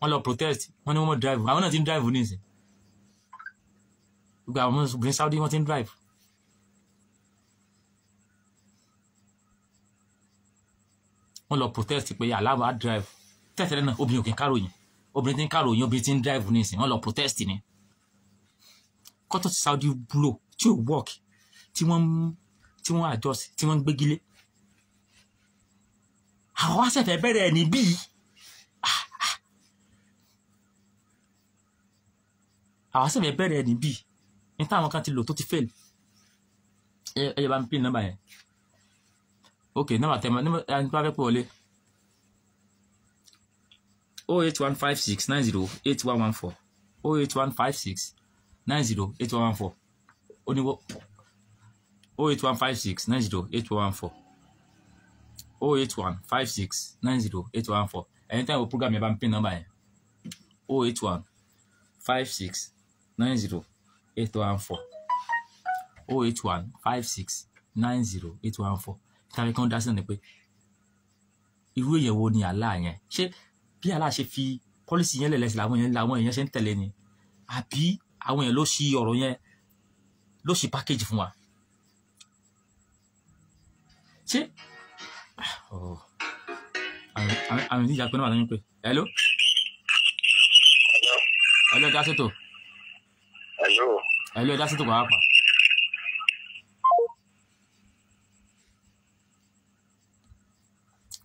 wọ́n lọ protest wọ́n ní wọ́n mọ̀ drive àwọn náà ti ń drive nísìnyí gbogbo àwọn obìnrin Saudi wọ́n ti ń drive wọ́n lọ protest pé aláwa drive tẹ́tẹ́lẹ́ náà obìnrin ò kì í káròyìn obìnrin ti ń káròyìn obìnrin ti ń drive nísìnyí wọ́n lọ protest ni kọ́tọ̀ ti Saudi blow tí ò work tí wọ́n tí wọ́n adjust tí wọ́n ń gbégilé àwọn wá ṣẹ̀fẹ̀ bẹ̀rẹ̀ ẹ̀ níbí àwọn ṣẹ̀fẹ̀ bẹ̀rẹ̀ ẹ̀ níbí ní táwọn kan ti lò tó ti fail ẹ ẹ yẹ bá ń pín nọ́mbà yẹn ok nọ́mbà tẹmọ nọ́mbà ẹni tó wọlé o eight one five six nine zero eight one one four o eight one five six nine zero eight one one four ó ní o eight one five six nine zero eight one one four o eight one five six nine zero eight one one four Anytime tẹ́ program yẹn bá ń pín nọ́mbà yẹn o eight one five six nine zero eight one one four o eight one five six nine zero eight one one four tàbí kan dá sí náà ni pé irú èyàn wo ni àlá yẹn ṣé bí àlá ṣe fi pọ́lísì yẹn lẹ̀lẹ́sì làwọn èèyàn làwọn èèyàn ṣe ń tẹ̀lé ni àbí àwọn èèyàn ló ṣí ọ̀rọ̀ yẹn ló ṣí pákéjì fún wa ṣé ah, oh. àwọn ìdíjà pé náà wà lóyún pé hello hello dá sí tò hello dá sí tò pàápàá.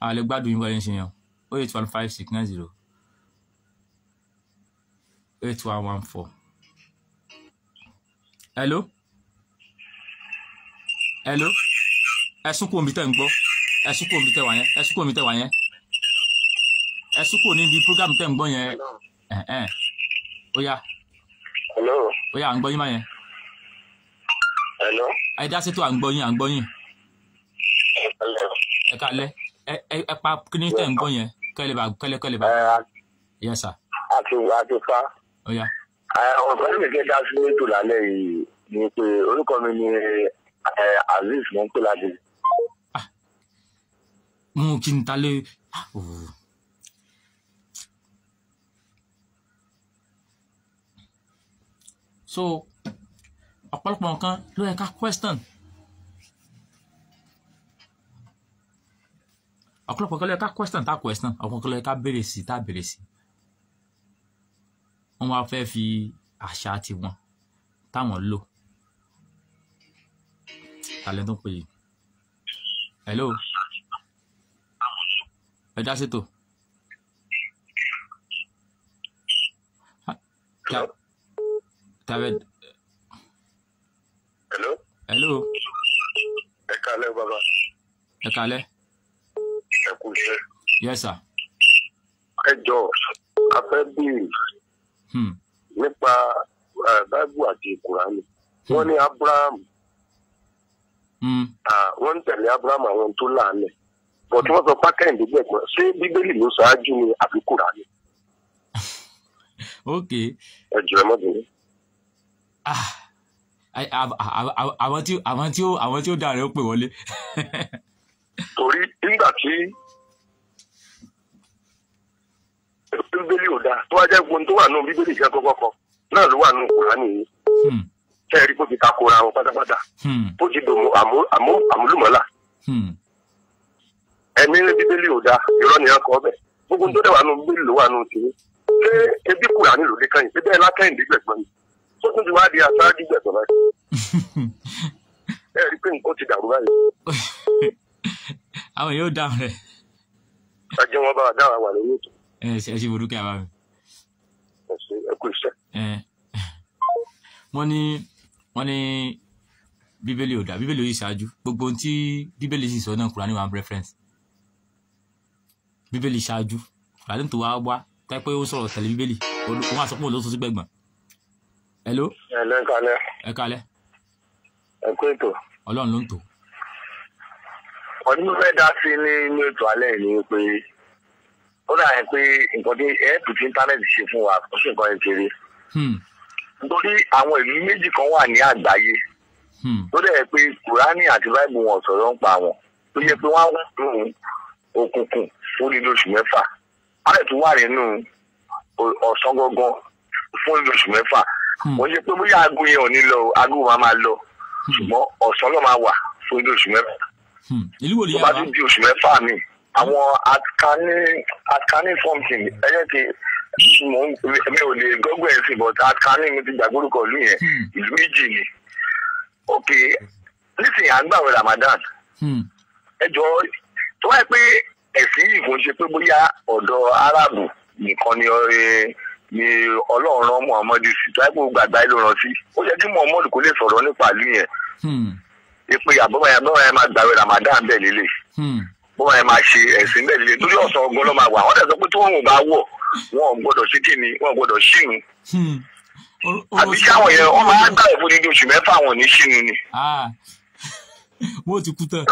a lè gbádùn yín wọlé ń ṣe yàn o oh eight one five six nine zero oh eight one one four. hello hello ẹ̀sùn kò mí tẹ̀ ń gbọ́ ẹ̀sùn kò mí tẹ̀ wá yẹn ẹ̀sùn kò mí tẹ̀ wá yẹn ẹ̀sùn kò níbi program tẹ̀ ń gbọ́ yẹn ẹ̀ ẹ̀ ó yá ó yá à ń gbọ́ yín má yẹn. ẹ dá sí tó à ń gbọ́ yín à ń gbọ́ yín. ẹ kálẹ́ ẹ pa kíní tẹ̀ ń gbọ́ yẹn kẹ́lẹ́ bá kẹ́lẹ́ kẹ́lẹ́ bá. yẹ sà. a ti a ti fa. ọ̀sán yìí kẹ́kẹ́ dá sí méjì lálẹ́ yìí ni pé orúkọ mi ni azeez mo ń pè láti. Ah. mú kí n ta lé. Ah, so ọ̀pọ̀lọpọ̀ nǹkan ló yẹ ká question. ọ̀pọ̀lọpọ̀ kẹlẹ́ ká question tá question ọ̀pọ̀lọpọ̀ kẹlẹ́ ká béèrè sí tá béèrè sí wọ́n wá fẹ́ fi àṣà tiwọn táwọn lò talẹ̀ tó ń pè é hello ẹ dá sí tò. tàbí. hello. hello. ẹ kálẹ́ bàbá. ẹ kálẹ́ ẹ kú iṣẹ́. yes sir. ẹ jọ a fẹ́ bèèrè hmm. nípa báíbù àti kùránì hmm. wọ́n ní abraham hmm. wọ́n ń tẹ̀lé abraham àwọn tó láàánẹ̀ bọ̀dé wọ́n sọ pákẹ́yìndínlẹ́gbọ̀n ṣé bíbélì ló ṣáájú ni àbí kùránì. ok. ẹ jọ ẹ mọ bìnrin. Ah, àwọn tí ó àwọn tí ó àwọn tí ó dára ó pè wọlé. torí nígbà tí bíbélì ò dáa tó wá jẹ́ gbogbo tó wà nù bíbélì jẹ́ kọ́kọ́ kọ náà ló wà nù kùránì yìí kẹ́ẹ̀rí hmm. bó ti takora wọn pátápátá bó hmm. ti dùn àmúlùmọ́là hmm. ẹni bíbélì ò dáa irọ́ nìyẹn kọ́ bẹ́ẹ̀ gbogbo tó dẹ̀ wà nù bíbélì ló wà nù tìyẹn ṣé ebi kùránì ló dé kẹ́yìn bíbélì lákẹ́yìn dé gbẹ̀gbọ́n yìí tó tún ti wá di aṣáájú gbẹ̀gbọ́n báyìí ẹ̀rí pé nǹkan ti dàrú báyìí. àwọn yóò dáhùn rẹ̀. ajé wọn bá wa dáhùn àwọn àlejò tó. ẹ ṣe ẹ ṣe mo dúkìá bá mi. ẹ ṣe ẹ kú iṣẹ́. wọ́n ní wọ́n ní bíbélì ò dá bíbélì ò yí ṣáájú gbogbo ohun tí bíbélì sì sọ náà Kùránì wà reference bíbélì ṣáájú Kùránì tó wá wá táyé pé ó sọ̀rọ̀ tẹ̀lé bíbélì òun àsopọ̀ òun ló sọ sí gbẹ̀gbọ̀n. hello. ẹ lẹ́kàlẹ́. ẹ kàlẹ́. ẹ kú ètò. ọlọ́run ló ń tò ọ̀dún mi fẹ́ dá sí ní inú ètò alẹ́ ni pé ó dà yẹn pé nǹkan tí ẹ̀ẹ́pù tí íńtánẹ́ẹ̀tì ṣe fún wa kò sí nǹkan yẹn kiri. nítorí àwọn ìlú méjì kan wà ní àgbáyé hmm. tó dẹ̀ pé kùránì àti báìbù wọn sọ̀rọ̀ ń pa wọn tó yẹ pé wọ́n á wọ́n òkùnkùn fún lílo oṣù mẹ́fà alẹ́ tó wà nínú ọ̀sán gangan fún lílo oṣù mẹ́fà wọ́n hmm. ṣe pé bóyá aago yẹn ò ní lọ aago máa máa lọ hmm. ṣùgbọ́n ọ̀sán ló máa wà fún lílo oṣù mẹ́fà. Hmm. ìlú wo ni yàrá. tó bá ti di oṣù mẹ́fà mi àwọn àkànní àkànní something ẹ̀yẹ́ ti mo mi ò lè gọ́gbọ̀n ẹ̀sìn but àkànní mi ti gbàgbórúkọ ìlú yẹn hmm. ìlú méjì ni ok nísìnyí à ń gbàwé Ramadan hmm. ẹ jọ tó wáyé pé ẹ̀sìn yìí kò ń ṣe pé bóyá ọ̀dọ̀ Arábù nìkan ni ọ̀rẹ́ ni Ọlọ́run rán Muhammadu sí tó wáyé pé gbàgbá ló rán sí ó yẹ kí Muhammadu kò lè sọ̀rọ̀ nípa ìlú yẹn ipe àbọ̀mọ̀ yẹn àbọ̀mọ̀ máa gbàwẹ̀ Ramadan bẹ́ẹ̀ líle bọ́mọ̀ yẹn máa ṣe ẹ̀sìn bẹ́ẹ̀ líle torí ọ̀sán ọgbọ́n ló máa wà wọ́n dẹ̀ pé tí wọ́n ò bá wọ̀ wọn gbọ́dọ̀ sí kíni wọn ò gbọ́dọ̀ ṣínú hmm. àbí káwọn yẹn wọ́n máa gbàwẹ̀ fún dídí oṣù mẹ́fà wọn ní ṣínú ni. Ah. wọ́n ti kú tán.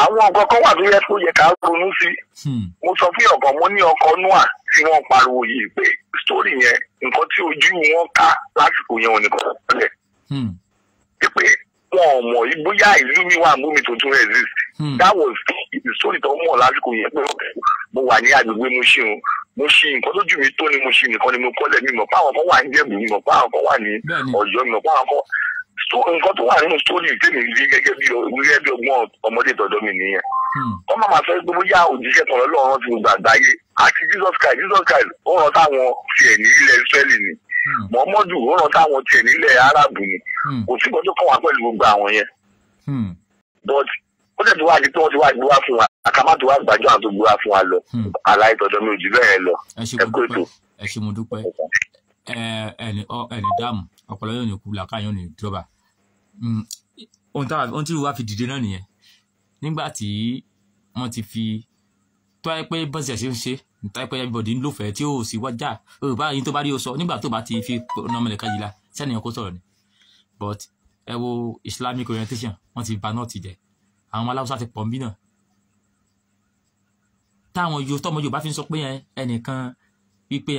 àwọn nǹkan kan wà tó yẹ kó yẹ ká ronú sí hmm. mo wọn ò mọ̀ bóyá ìlú mi wà mú mi tó tún exist. Hmm. that was the story tó mọ̀ lásìkò yẹn pé mo wà ní agbègbè Mushin mo ṣe nǹkan lójú mi tó ni mo ṣe nìkan ni mo kọ́lẹ̀ mi mọ̀ páwọn kan wà ní Jẹ̀bú mi mọ̀ páwọn kan wà ní Ọ̀yọ́ mi mọ̀ páwọn kan nǹkan tó wà nínú sórí tèmi rí gẹ́gẹ́ bí gẹ́gẹ́ bí ọgbọ́n ọmọdé tọ̀dọ̀ mi nìyẹn. Hmm. kọ́ máa ma sọ pé bóyá òjíṣẹ́ kan lọ́lọ́run ti gbàgbáyé àti Jesus Christ Jesus Christ ó rán táwọn tiẹ̀ ní ilẹ̀ Ísírẹ́lì ni mọ́mọ́dù ó ràn táwọn tiẹ̀ nílẹ̀ arábù ni hmm. kò sí nǹkan tó kàn pẹ̀lú gbogbo àwọn yẹn hmm. but ó tẹ̀ tó wá di pé wọ́n ti wá gbé fún wa àkàmá tó wá gbàjọ́ àwọn tó gbé fún wa lọ àlàyé hmm. tọ̀dọ̀ mi ò jù bẹ́ẹ̀ lọ ẹ kó ètò. ẹ ṣe mo dúpẹ́ ẹni ẹni dáàmú ọpọlọ yóò ní kú làkàyàn ní ìjọba ohun tí wàá fi dìde náà nìyẹn nígbà tí wọ́n ti fi tó ayé pé bọ́sẹ̀ ṣe ń ṣe nítorí pé everybody ń lòfẹ́ tí ó sì wájà ó bá yín tó bá rí o sọ nígbà tó bá ti fi nọmọlẹ̀ kájí la sẹ́niyàn kó sọ̀rọ̀ ni but ẹ wo islamic orientation wọ́n ti ba nọ́ọ̀tì jẹ àwọn ọmọ aláwùsá ti pọ̀ ń bí náà táwọn yóò tọmọ Yorùbá fi ń sọ pé ẹnìkan wípé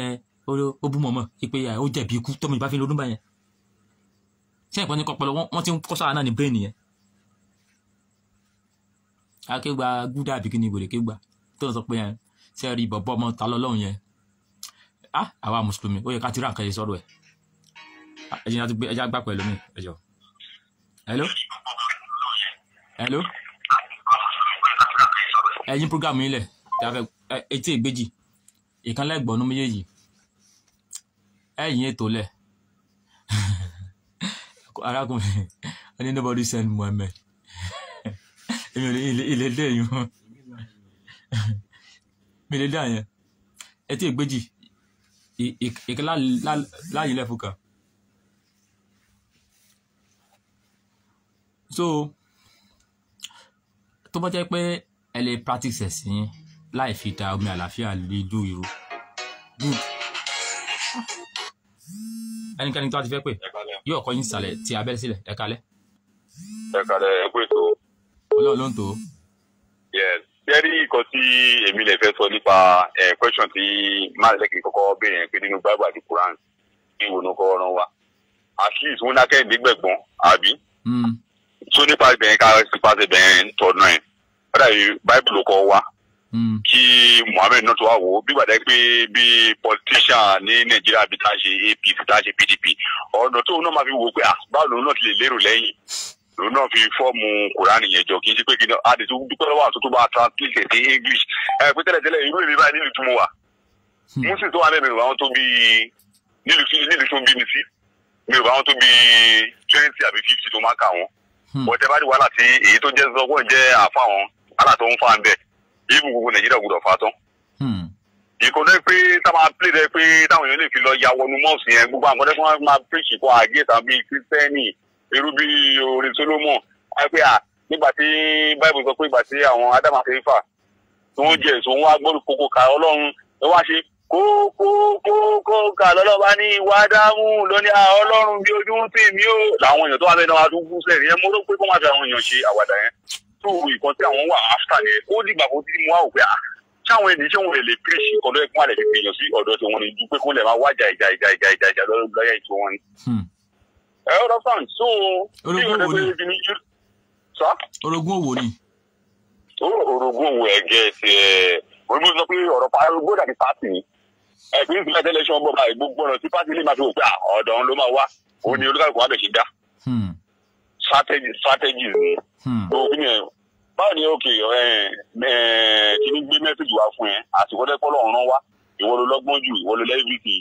ó bú mọ̀mọ́ wípé ó jẹ̀bi ikú tọmọ Yorùbá fi ń ronú báyẹn ṣé ìpọ́n ní kọpọlọ wọ́n ti ń kọ́ sára náà ní brain yẹn akéwà gúdà àbíkí ni ìwèrè tó ń sọ pé ṣe rí bọ̀bọ̀ ọmọ ta lọ́lọ́run yẹn á ah, àwa mùsùlùmí ó yẹ ká ti rà nǹkan yẹn sọ́dọ̀ ẹ̀ ah, ẹ̀jẹ̀ náà ti gbé ẹ̀jẹ̀ àgbà pẹ̀lú mi ẹ̀jọ̀ hello hello ẹ̀yin programu yín lẹ̀ etí ìgbéjì ìkànlẹ̀ gbọ̀nú méjèèjì ẹ̀yin ètò lẹ̀ arákùnrin i need nobody send Muhammad èmi ò lè ilé ilé dé yìí mele mi lè dá e e ègbéjì ìkẹ́ láàyè lẹ́fún kan. so tó bá jẹ́ pé ẹ lè practice ẹ̀sìn yín láì fi da omi àlàáfíà lè ju ìró good ẹnikẹ́ni tó bá ti fẹ́ pè yóò kọ́ yín sàlẹ̀ tí abẹ́rẹ́ sílẹ̀ ẹ̀ka lẹ́. ẹ̀ka lẹ́ ẹ̀kú ètò. olóòlóǹtò. yes tẹ́rí nǹkan tí èmi lè fẹ́ sọ nípa question tí máàlẹ́kì kọ́kọ́ béèrè pé nínú bible àti quran ìwò ló kọ́ ọ̀ràn wa at least wọn dákẹ́ ìdígbẹ̀gbọ́n àbí. tó hmm. nípa ìbẹ̀yẹn ká sípàṣẹ ìbẹ̀yẹn ń tọ́nà ẹ̀ padà yìí bible ló kọ́ wa. Hmm. kí Muhammed náà tó wà wò bí gbàdá pé bí politician ní Nàìjíríà bí tá a ṣe APC tá a ṣe PDP ọ̀nà tóun náà máa fi wò pé àbáwò ah, lòun náà ti lè lérò lẹ́yìn lòun náà fi fọ́ọ̀mù kùránì yẹn jọ kì í ṣe pé kìnìún a lè tún dúpẹ́ lọ́wọ́ àtúntò bá translate sí english ẹ pé tẹ́lẹ̀tẹ́lẹ̀ ìlú èmi báyìí nílùú tí wà muslim tó wà lẹ́mìí àwọn tó bí nílùú tó ń bí mi sí mi ò tó bí twenty àbí fifty tó máa kà wọn hmm. bọ̀tẹ́ bá di wàhálà tí èyí tó jẹ́ zọ́gbọ́n jẹ́ àfa wọn wàhálà tó ń fa bẹ́ẹ̀ ibùn gbogbo nàìjíríà gbọdọ̀ fa tán hmm. ìkó lẹ́ pé táwọn apilẹ̀ rẹ pé táwọn èèyàn lè fi lọ ya wọnú mọ́ọ̀sì yẹn gbogbo àwọn ọ̀dẹ́kùnrin máa pèsè fún àgé tàbí kírísítẹ́nì irú bí orin solomon àgbẹ̀ à nígbà tí báìbù sọ pé ìgbà tí àwọn adam àti ifá tí wọ́n jẹ èso wọn á gbọ́dọ̀ kókó ka ọlọ́run ẹ wá ṣe kókókókó ka lọ́lọ́ba ní ìwà ádámù lóní ọlọ́run bí ojú ń tì mí ó làwọn èèyàn tó wà bẹ́ẹ̀ náà wá tún kú sẹ́yìn yẹn mo rò pé kó má fi àwọn èèyàn ṣe àwàdà yẹn tó ìkan tí àwọn wà áfítà yẹn ó dìgbà kó tí mo wá òpè à sáwọn ẹni tí wọn lè pèsè ọdọ ẹkún àlẹ fi pèèyàn sí ọ̀dọ̀ tí wọn lè dúpẹ́ kó lè máa wájà ìjà ìjà ìjà ìjà lọ́dọ̀ lọ́yà ètò wọn ni. Hmm ẹ ọ̀rọ̀ fan so bí o dẹgbẹ yìí ni yìí sá. orogún òwò ni. orogún òwò ẹgẹ ti ẹ orogún sọ pé ọ̀rọ̀ pa gbọ́dọ̀ àti pàtì ni ẹgbẹ́ ìpínlẹ̀ tẹ́lẹ̀ ṣọ́ bọ́ báyìí gbogbo ọ̀nà tí pàtì lè máa fi wò pé ọ̀dọ̀ òun ló máa wá òun ni olúkàlùkù wàá bẹ̀ ṣe dá. Hmm. strategy strategy hmm. ni. òfin yẹn báwo ni òkè kí ni gbé mẹ́sàgì wá fún ẹ àsìkò tẹ́pọ́ lọ́run wá ìwọ ló lọ́gbọ́n jù ìwọ ló lẹ́ẹ̀bìtì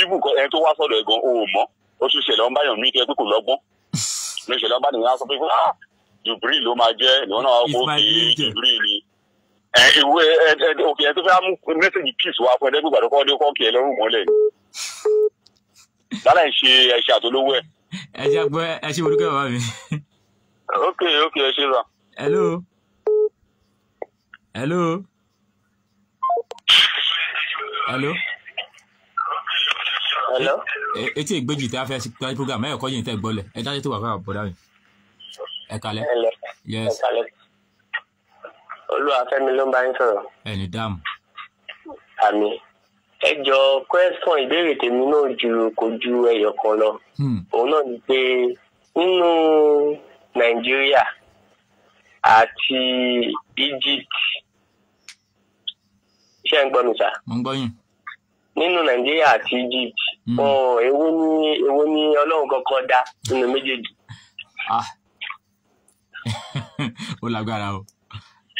ibùkọ́ ẹ tó wá sọ̀dọ̀ ẹ̀gàn o ò ó tún ṣẹlẹ̀ ọ̀nbá yàn mí kí ẹ pé kò lọ́gbọ́n ní ìṣẹ̀lẹ̀ ọ̀nbá nìyẹn á sọ pé ah Jubril ló máa jẹ́ ìwọ náà ó fi Jubril ni ìwé òkè ẹ tó fẹ́ mú mẹ́sẹ̀gì peace wá fún ẹ̀ẹ́dẹ́gbẹ̀gbà tó kọ́ ọdún kọ́ kí ẹ lọ́rùn mọ́lẹ̀ ni lálẹ́ ṣe ẹ̀ṣẹ̀ àtolówó ẹ̀. ẹ jẹ́ pé ẹ ṣe orúkọ bàbá mi. ok ok ẹ ṣe rà. hello. hello. hello hello. E, e, etí ìgbéjì tí a fẹ́ parí program ẹ̀ kọ́ yìí tẹ́ gbọ́lẹ̀ ẹ jáde tó wà káwà bọ́dá mi ẹ kalẹ̀ yes ẹ kalẹ̀ olúwàfẹ́mi ló ń bá yín sọ̀rọ̀. ẹni dáàmú. àmì ẹ jọ question ìbéèrè tèmi náà ju kò ju ẹyọ kan lọ hmm. òun náà ni pé nínú nàìjíríà àti Egypt ṣé ń gbọ́ mi sà. mo ń gbọ́ yín. nínú nàìjíríà àti egypt hmm. èwo ni èwo ni ọlọ́run dá nínú méjèèjì. Ah. ó lágbára o.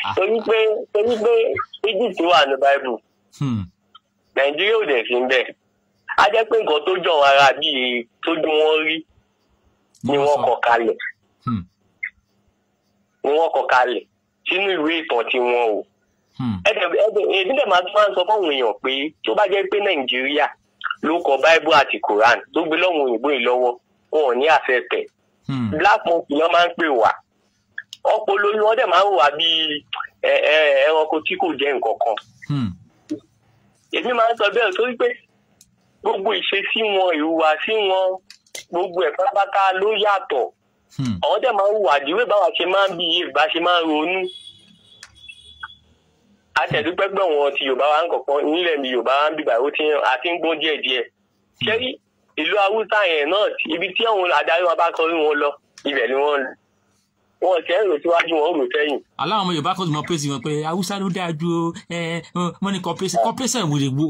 Ah. torí pé torí pé egypt wà ní bible hmm. nàìjíríà ò dẹ̀ sí níbẹ̀ a jẹ́ pé nǹkan tó jọ ara bíi tójú wọn rí hmm. ni wọ́n kọ ìwé ìtàn tiwọn o. Hmm. ẹ̀dẹ̀ ẹ̀dẹ̀ máa tún máa ń sọ fáwọn èèyàn pé tó bá jẹ́ pé nàìjíríà ló kọ báíbù àti koran tó gbé lọ́wọ́ òyìnbó yìí lọ́wọ́ wọn ò ní àṣẹ hmm. black monkey ló máa ń pè wá ọ̀pọ̀ olóyún wọn dẹ̀ máa ń wà bíi ẹranko tí kò jẹ́ nǹkan kan hmm. èmi máa ń sọ bẹ́ẹ̀ torí pé gbogbo ìṣesí wọn ìhùwàsí wọn gbogbo ẹ̀ pátápátá ló yàtọ̀ àwọn dẹ̀ máa ń wà díwé báwa ṣe máa ń bí yorùbá máa ń ronú àtẹ̀dúgbẹ́gbẹ́ wọn ti yorùbá wa ń kọ̀kan nílẹ̀ mi yorùbá wa ń bìbà ó ti ń àti ń gbó díẹ̀ díẹ̀ ṣé ìlú haúsá yẹn náà ibi tí àwọn adarí wọn bá kọrí wọn lọ ibẹ̀ ni wọ́n lọ wọn kẹ́ ń rò síwájú wọn rò sẹ́yìn. aláwọn ọmọ yorùbá kan tó mọ pèsè wọn pé haúsá ló dáa ju wọn ni kọpẹsẹ kọpẹsẹ ìwé rẹ gbó.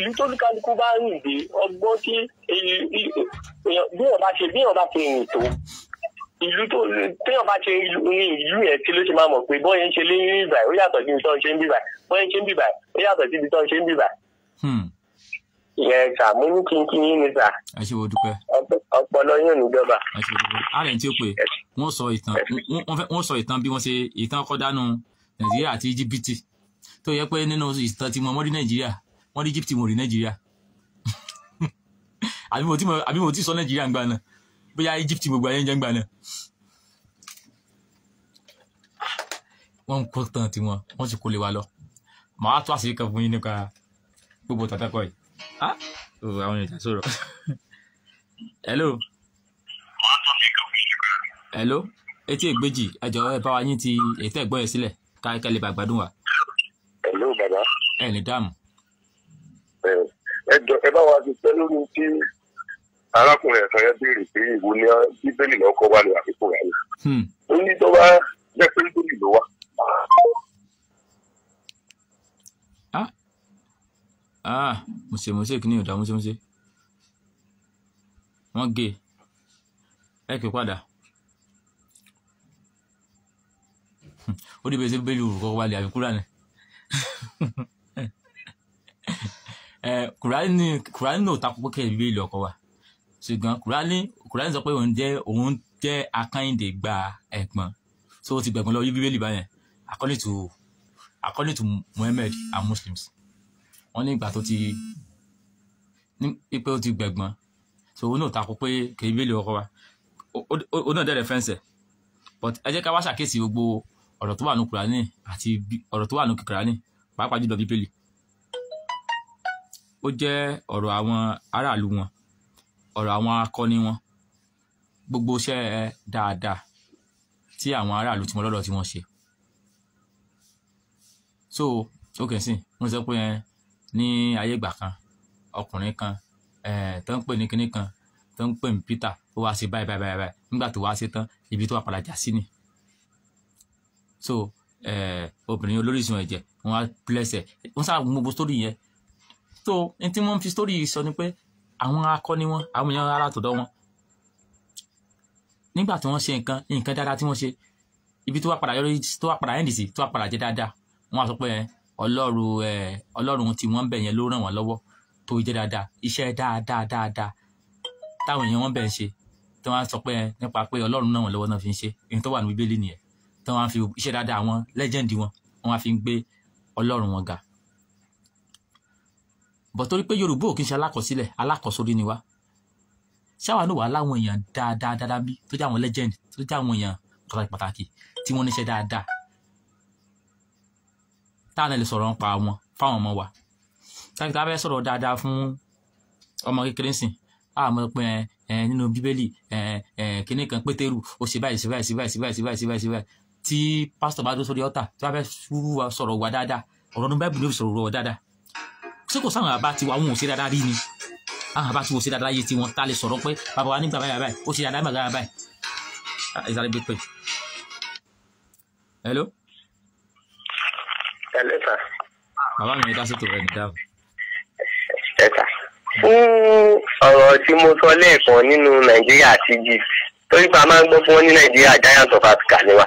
ìlú tó ní kálukú bá rìn dé ọgbọ́n tí bí ìlú tó téèyàn bá ṣe ní ìlú yẹn tí ló ṣe máa mọ̀ pé bọ́yẹn ṣe lé ní ìgbà ó yàtọ̀ níbi tó ṣe ń bìbà bọ́yẹn ṣe ń bìbà ó yàtọ̀ síbi tó ṣe ń bìbà. yẹ sà mo ní kínkín yín ni sà. ẹ ṣe wo dúpẹ́. ọpọlọ yín ò ní jọba. ẹ ṣe wo dúpẹ́ alẹ́ tí ó pè wọ́n sọ ìtàn bí wọ́n ṣe ìtàn kọ́dánù nàìjíríà àti íjíbítì tó yẹ pé nínú ìtàn tí mo mọ́ àbí mo ti sọ nàìjíríà ń gbà náà bóyá Egypt gbogbo ayé ń jẹ́ ń gbà náà wọ́n ń kó tán tiwọn wọ́n sì kó lè wa lọ màá tó àṣírí kan fún yín nípa gbogbo tàtàkọ yìí ah àwọn èèyàn sọ̀rọ̀ hello hello etí ègbèjì ẹjọ ẹ bá wa yín ti ètò ẹ̀gbọ́n yẹn sílẹ̀ ká ẹ kẹlẹ bá gbádùn wa. hello Baba ẹ ní dáàmú. ẹ ẹ jọ ẹ bá wa ti pẹ́ lórí tí arákùnrin ẹ̀sán yẹn béèrè pé ìwo ni bíbélì náà kọ́ wà ní àfikún rẹ̀ ó ní tó bá jẹ́ pé bíbélì ló wà. Ah. Ah. mo ṣe mo ṣe kí ni ìdá mo ṣe mo ṣe wọ́n padà ó dìbò ṣe bíbélì olùkọ́ wà ní àfikún rẹ̀ ni kùránì kùránì ò takò pé kẹ́ ẹ̀ bíbélì ọkọ̀ wa ṣùgbọ́n kùránì kùránì sọ pé òun jẹ́ òun jẹ́ akányìndé gba ẹ̀gbọ́n so ó ti gbẹ̀gbọ́n lọ yí bíbélì báyẹn according to according to Muhammad and Muslims wọ́n ní ìgbà tó ti ní pé ó ti gbẹ̀gbọ́n so òun náà takò pé kì í bíbélì ọkọ wa ó náà dẹ̀rẹ̀ fẹ́ǹsẹ̀ but ẹ jẹ́ ká wá ṣàkíyèsí gbogbo ọ̀rọ̀ tó wà nù kùránì àti ọ̀rọ̀ tó wà nù kùránì pàápàá jùlọ bíbélì ó jẹ́ ọ̀rọ̀ àwọn aráàlú wọn ọ̀rọ̀ àwọn akọni wọn gbogbo iṣẹ́ dáadáa tí àwọn aráàlú tí wọ́n lọ́dọ̀ tí wọ́n ṣe so ó kẹ̀ sí wọ́n sọ pé ní ayé ìgbà kan ọkùnrin kan tó ń pè ní kinní kan tó ń pè ní Peter ó wá ṣe báyìí báyìí báyìí nígbà tó wá ṣe tán ibi tó wà padà já sí ni so obìnrin olórísun ẹ̀jẹ̀ wọ́n á pílẹ̀sẹ̀ wọ́n sábà gbogbo sórí yẹn so n tí wọ́n fi sórí sọ ni pé àwọn akọni wọn àwọn èèyàn ara tọ̀dọ̀ wọn nígbà tí wọ́n ṣe nǹkan nǹkan dáadáa tí wọ́n ṣe ibi tó wá padà yọrí tó wá padà ẹ́ndì tó wá padà jẹ́ dáadáa wọ́n á sọ pé ọlọ́run ọlọ́run tí wọ́n bẹ̀ yẹn ló ràn wọ́n lọ́wọ́ tó jẹ́ dáadáa iṣẹ́ dáadáa dáadáa táwọn èèyàn wọ́n bẹ̀ ń ṣe tí wọ́n á sọ pé nípa pé ọlọ́run náà wọ́n lọ́wọ́ náà fi ń ṣe èyí tó wà ní bíbélì nìyẹn tí wọ́n á fi iṣẹ́ dáadáa wọn lẹ́jẹ̀ndì wọn wọ́n á fi ń gbé ọlọ́run wọn ga bọ̀ torí pé yorùbá ò kí ń ṣe alákọsílẹ̀ alákọsórí ni wá ṣáwa ní wàá láwọn èèyàn dáadáa dáadáa bí tó jẹ́ àwọn legend tó jẹ́ àwọn èèyàn pàtàkì pàtàkì tí wọ́n níṣẹ́ dáadáa táwọn ẹ̀ lè sọ̀rọ̀ ń pa wọn fáwọn ọmọ wa táwọn ìta fẹ́ sọ̀rọ̀ dáadáa fún ọmọ kékeré sìn àmọ́ pé ẹ nínú bíbélì ẹ ẹ kínní kan pétérù ó ṣe báyìí ṣe báyìí ṣe báyìí ṣe báyìí ṣe báyìí ṣe báyìí ṣe báyìí tí pásítọ̀ bá dúró sórí ọ́tà tí wọ́n fẹ́ sọ̀rọ̀ wa dáadáa ọ̀rọ̀ ọdún báyìí ṣé kò sáwọn àbá tiwa wọn ò ṣe dáadáa rí ni àwọn àbá tiwa ò ṣe dáadáa yé tiwọn tá a lè sọ̀rọ̀ pé bàbá wa nígbà báyà báyìí ó ṣe dáadáa bàbá báyìí ìsàlẹ̀ ah, gbé pé. hello. hello sir. bàbá mi ò dá sótò rẹ̀ nìdá o. ẹ sà fún ọ̀rọ̀ tí mo sọ lẹ́ẹ̀kan nínú nàìjíríà àti egypt torí pé a máa ń gbọ́ fún wọn ní nàìjíríà giant of africa ni wa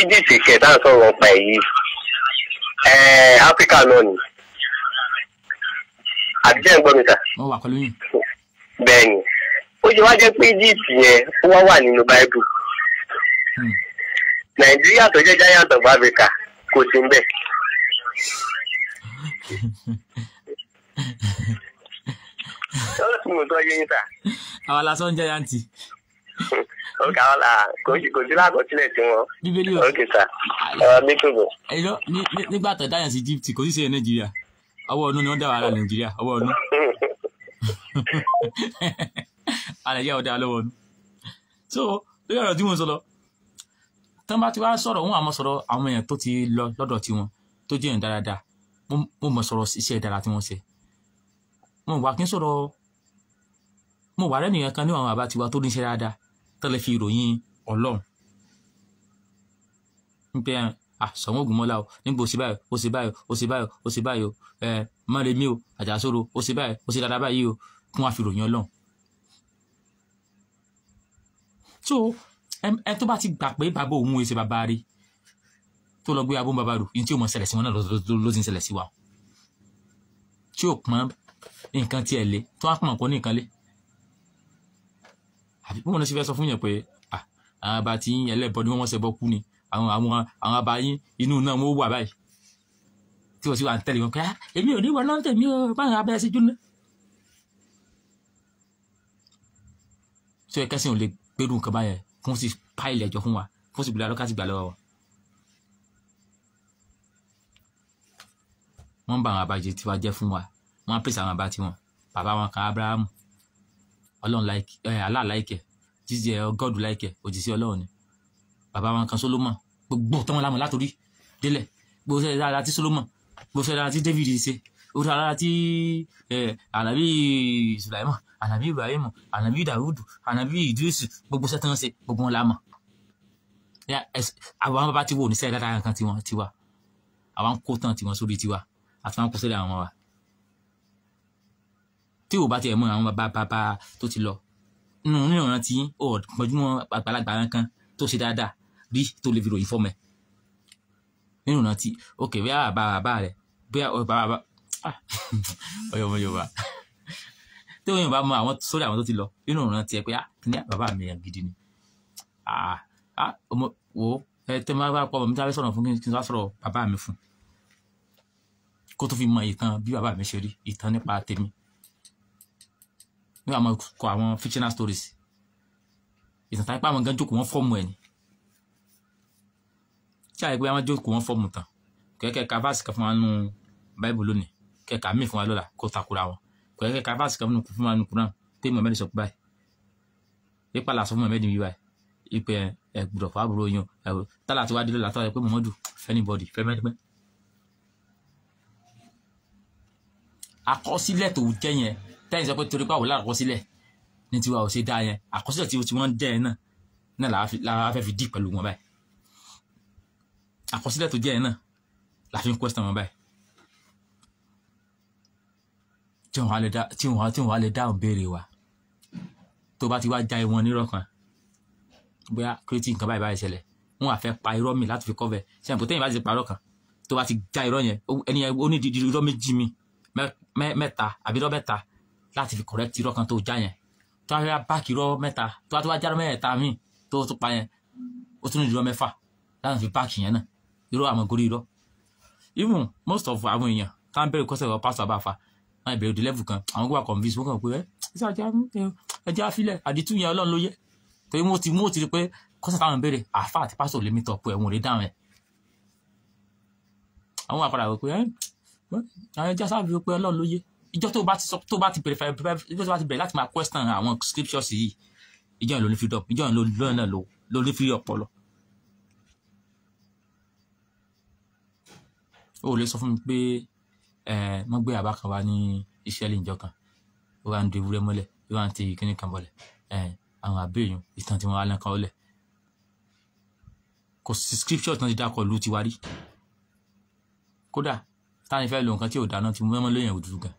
egypt kẹta sọ̀rọ̀ pa èyí áfíríkà náà ni àbíjẹ́ ń gbọ́ mi kà. wọ́n wà pẹ̀lú yìí. bẹ́ẹ̀ ni ó ṣe wá jẹ́ pé egypt yẹn ó wá wà nínú báíbù hmm. nàìjíríà tó jẹ́ giant of africa kò sí ń bẹ̀. lọ́dọ̀ la sọ ń jẹ́ yanti. ok àwa la kò sí lákọsílẹ̀ tí wọ́n. bíbélì o ok sà. ẹ wá bí kò bọ̀. nígbà tó dáyà sí egypt kò sí sí nàìjíríà ọwọ́ ọdún ni wọ́n dá wàhálà nàìjíríà ọwọ́ ọdún àlàyé ọ̀dà lọ́wọ́ ọdún so lórí ọ̀rọ̀ tí mo sọ lọ tán bá ti wá sọ̀rọ̀ wọn àmọ́ sọ̀rọ̀ àwọn èèyàn tó ti lọ lọ́dọ̀ tiwọn tó jẹ́ èèyàn dáadáa mo mọ̀ sọ̀rọ̀ iṣẹ́ dára tí wọ́n ṣe mo wà kí n sọ̀rọ̀ mo wà rẹ́nìyàn kan ní àwọn àbá tiwa tó níṣẹ́ dáadáa tẹ́lẹ̀ fi ìròyìn ọlọ́run Ṣọ̀ún ah, Ògúnmọ́lá o nígbò sí báyìí ó sì báyìí ó sì báyìí ó sì báyìí o ẹ mọ́remí o àjàsóró ó sì báyìí ó sì dáadáa báyìí o kún àfi ròyìn ọlọ́run. tó ẹ tó bá ti gbà pé bàbá òun ẹ ṣe bàbá rí tó lọ gbé abó bàbá rò ní tí ó mọ̀ ṣẹlẹ̀ sí wọn náà ló ti ń ṣẹlẹ̀ sí wa tí ò pọn nǹkan tiẹ̀ lé tó wá pọ̀n kó nǹkan lé àbí bóun náà ṣe fẹ́ sọ fún yẹn pé ah, àbá tí ẹlẹ́bọ ni wọ́n ṣẹbọ kú ni àwọn àwọn àwọn abayín inú náà wọn wà báyìí tí wọ́n sì wà ń tẹ̀lé wọn pé ah ò ní wọ lọ́wọ́ tèmi o báwọn abẹ́rẹ́ sí jóná. tí kẹ́sìn ò lè gbẹ́rù nǹkan báyẹn fún sí páìlì ẹ̀jọ́ fún wa fún sí gbìlá lọ́kà sí gbà wa. wọ́n ń bá àwọn abajì tiwa jẹ́ fún wa wọ́n á pèsè àwọn abá tiwọn bàbá wọn kan Abrahamu ọlọ́run láìkẹ́ eh, aláà láìkẹ́ jíjẹ gọ́ọ̀dù láìkẹ́ òjìṣẹ́ bàbá wọn kan Solomon gbogbo tán wọn lámọ̀ látòrí délẹ̀ gbogbo sẹ́yìn dáadáa tí Solomon gbogbo sẹ́yìn dáadáa tí David ṣe gbogbo sẹ́yìn dáadáa tí Ànábì Sulaiman Ànábì Ibrahim Ànábì Dawudu Ànábì Idris gbogbo sẹ́yìn tán ṣe gbogbo wọn lámọ̀ àwọn bàbá ti wò ní sẹ́yìn dáadáa kan tiwọn tiwa àwọn kó tán tiwọn sórí tiwa àti wọn kó sẹ́yìn àwọn wa tí ò bá tiẹ̀ mọ àwọn bàbá bàbá tó ti lọ nínú ìrántí ọ̀ gbọ́njúmọ́ àgbàlagbà kan tó ṣe dáadáa rí tó lè fi ròyìn fọ́mọ ẹ̀ nínú náà ti ok bí a bá bàbá rẹ bí a bá bàbá ọyọ ah, ọmọ Yorùbá tí wọn yóò bá mọ àwọn sórí àwọn tó ti lọ nínú náà ti ẹ pé ah, ní bàbá mi yàn gidi ni ah, ọmọ wo ẹ tẹ máa bá pọ ọmọ mi tá a fẹ́ sọ̀rọ̀ fún kí n wá sọ̀rọ̀ bàbá mi fún kó tó fi mọ ìtàn bí bàbá mi ṣe rí ìtàn nípa tèmi nígbà máa kọ àwọn fictional stories ìtàn táyé pé àwọn gan jókòó wọn fọ́ọ̀mù ẹ̀ ni tí àyè pé wọ́n jókòó wọn fọ́ọ̀mù tán kẹ́kẹ́ ka fásitì kan fún wa nù báìbù lónìí kẹ́kẹ́ àmì fún wa lọ́la kó takura wọn kẹ́kẹ́ ka fásitì kan fún wa nù kúrán pé Muhammad sọ pé báyìí ipa làásọ fún Muhammad wíwáyìí ipe ẹgbùdọ̀ fàbúrò yan tálà tí wàá di lọ́la tó yẹ pé Muhammad fẹ́nibọ́dì fẹ́mẹ́dẹ́gbẹ́. àkọsílẹ̀ tó jẹ́ yẹn tẹ́yìn sọ pé torí pàwọ́ làkọsílẹ̀ ní tiwa ò ṣe dá yẹn àkọsílẹ̀ tí wọ́n jẹ́ yẹn náà náà làá fẹ́ fi dì pẹ̀lú wọn báyìí àkọsílẹ̀ tó jẹ́ ẹ̀ náà la fi ń question wọn báyìí tí wọn á lè dáhùn béèrè wa tó bá ti wá já ìwọn nírọ̀ kan bóyá kírètì nǹkan báyìí báyìí ṣẹlẹ̀ wọn àfẹ́ pa irọ́ mi láti fi kọ́ bẹ̀ ṣe àpò tẹ́yìn bá ti parọ́ kan tó bá ti já irọ́ yẹn ẹni yẹn ó ní di irọ́ méjì mi mẹ́ta àbí irọ́ mẹ́ta láti fi correct irọ́ kan tó já yẹn tó wá báàkì irọ́ mẹ́ta tó wá tó wá já irọ́ mẹ́ta míì tó tó pa yẹn ó tún ní irọ́ mẹ́fà láti fi báàkì yẹn náà irọ́ àwọn gorí irọ́ even most of àwọn èèyàn tá à ń bẹ̀rẹ̀ kọ́sẹ̀ ọ̀rọ̀ pásítọ̀ àbáfa wọn ìbẹ̀rù dé level kan àwọn gbọ́dọ̀ convince wọn kàn pé eh, ẹja afilẹ̀ àdìtú yẹn ọlọ́run ló yẹ pé wọ́n ti mú òtítí pé kọ́sẹ̀ táwọn ń bèrè àáfà àti pásítọ̀ lè mí tọ̀ pé ẹ̀wọ̀n ò lè dáhùn ẹ̀ àwọn àpàdà wò pé eh, ẹ àwọn ẹja sábà pé ọlọ́run ló yẹ ìjọ tó bá ti sọ tó bá ti bẹ̀rẹ̀ ìjọ tó bá ti bẹ̀rẹ̀ láti máa question àwọn scriptures yìí ìjọ yẹn ló ní freedom ìjọ yẹn ló ní ọpọlọ o lè sọ fún mi pé ẹ mọ gbé àbá kan wá ní Ísírẹ́lì ìjọ kan ó wà ń du ewúrẹ́ mọ́lẹ̀ ó wà ń ti kíní kan bọ̀lẹ̀ ẹ àwọn àbẹ̀yìn ìtàn tí wọ́n wá lẹ́kàn ọ́lẹ̀ kò sí scripture tán ti dákọ̀ lu tiwa rí kódà táwọn ìfẹ́ lo nǹkan tí ò dáná ti mú mọ́ lóyìn òdúdú gan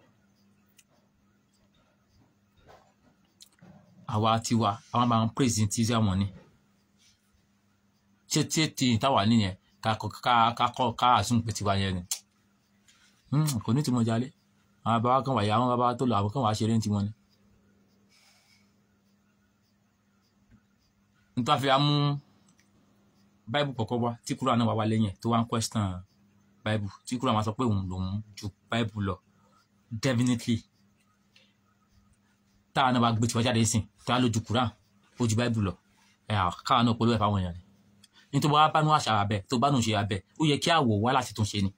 àwa tiwa àwọn máa ń praise ti tí àwọn ní ṣé tí táwa nìyẹn kakọ kakọ ká àsùn pé tiwa yẹn ni hmm, kò ní tí mo jalè àwọn bàbá kan wàyà àwọn bàbá tó lọ àwọn kan wàá ṣeré ní tiwọn ni. nítorí àfi amú báìbù kọ̀ọ̀kan wá tí kúrò àná wà wá lẹ́yìn tó wá ń question báìbù tí kúrò àwọn sọ pé òun lòun ju báìbù lọ definitely táwọn náà wá gbé tiwa jáde sìn táwọn lójú kúrò àwọn ojú báìbù lọ káwọn náà polówó ẹ̀ fáwọn èèyàn ni ní tó bá wá bánú àṣà abẹ tó bánú ṣe abẹ ó yẹ kí àwọ̀ wá láti tún ṣe ni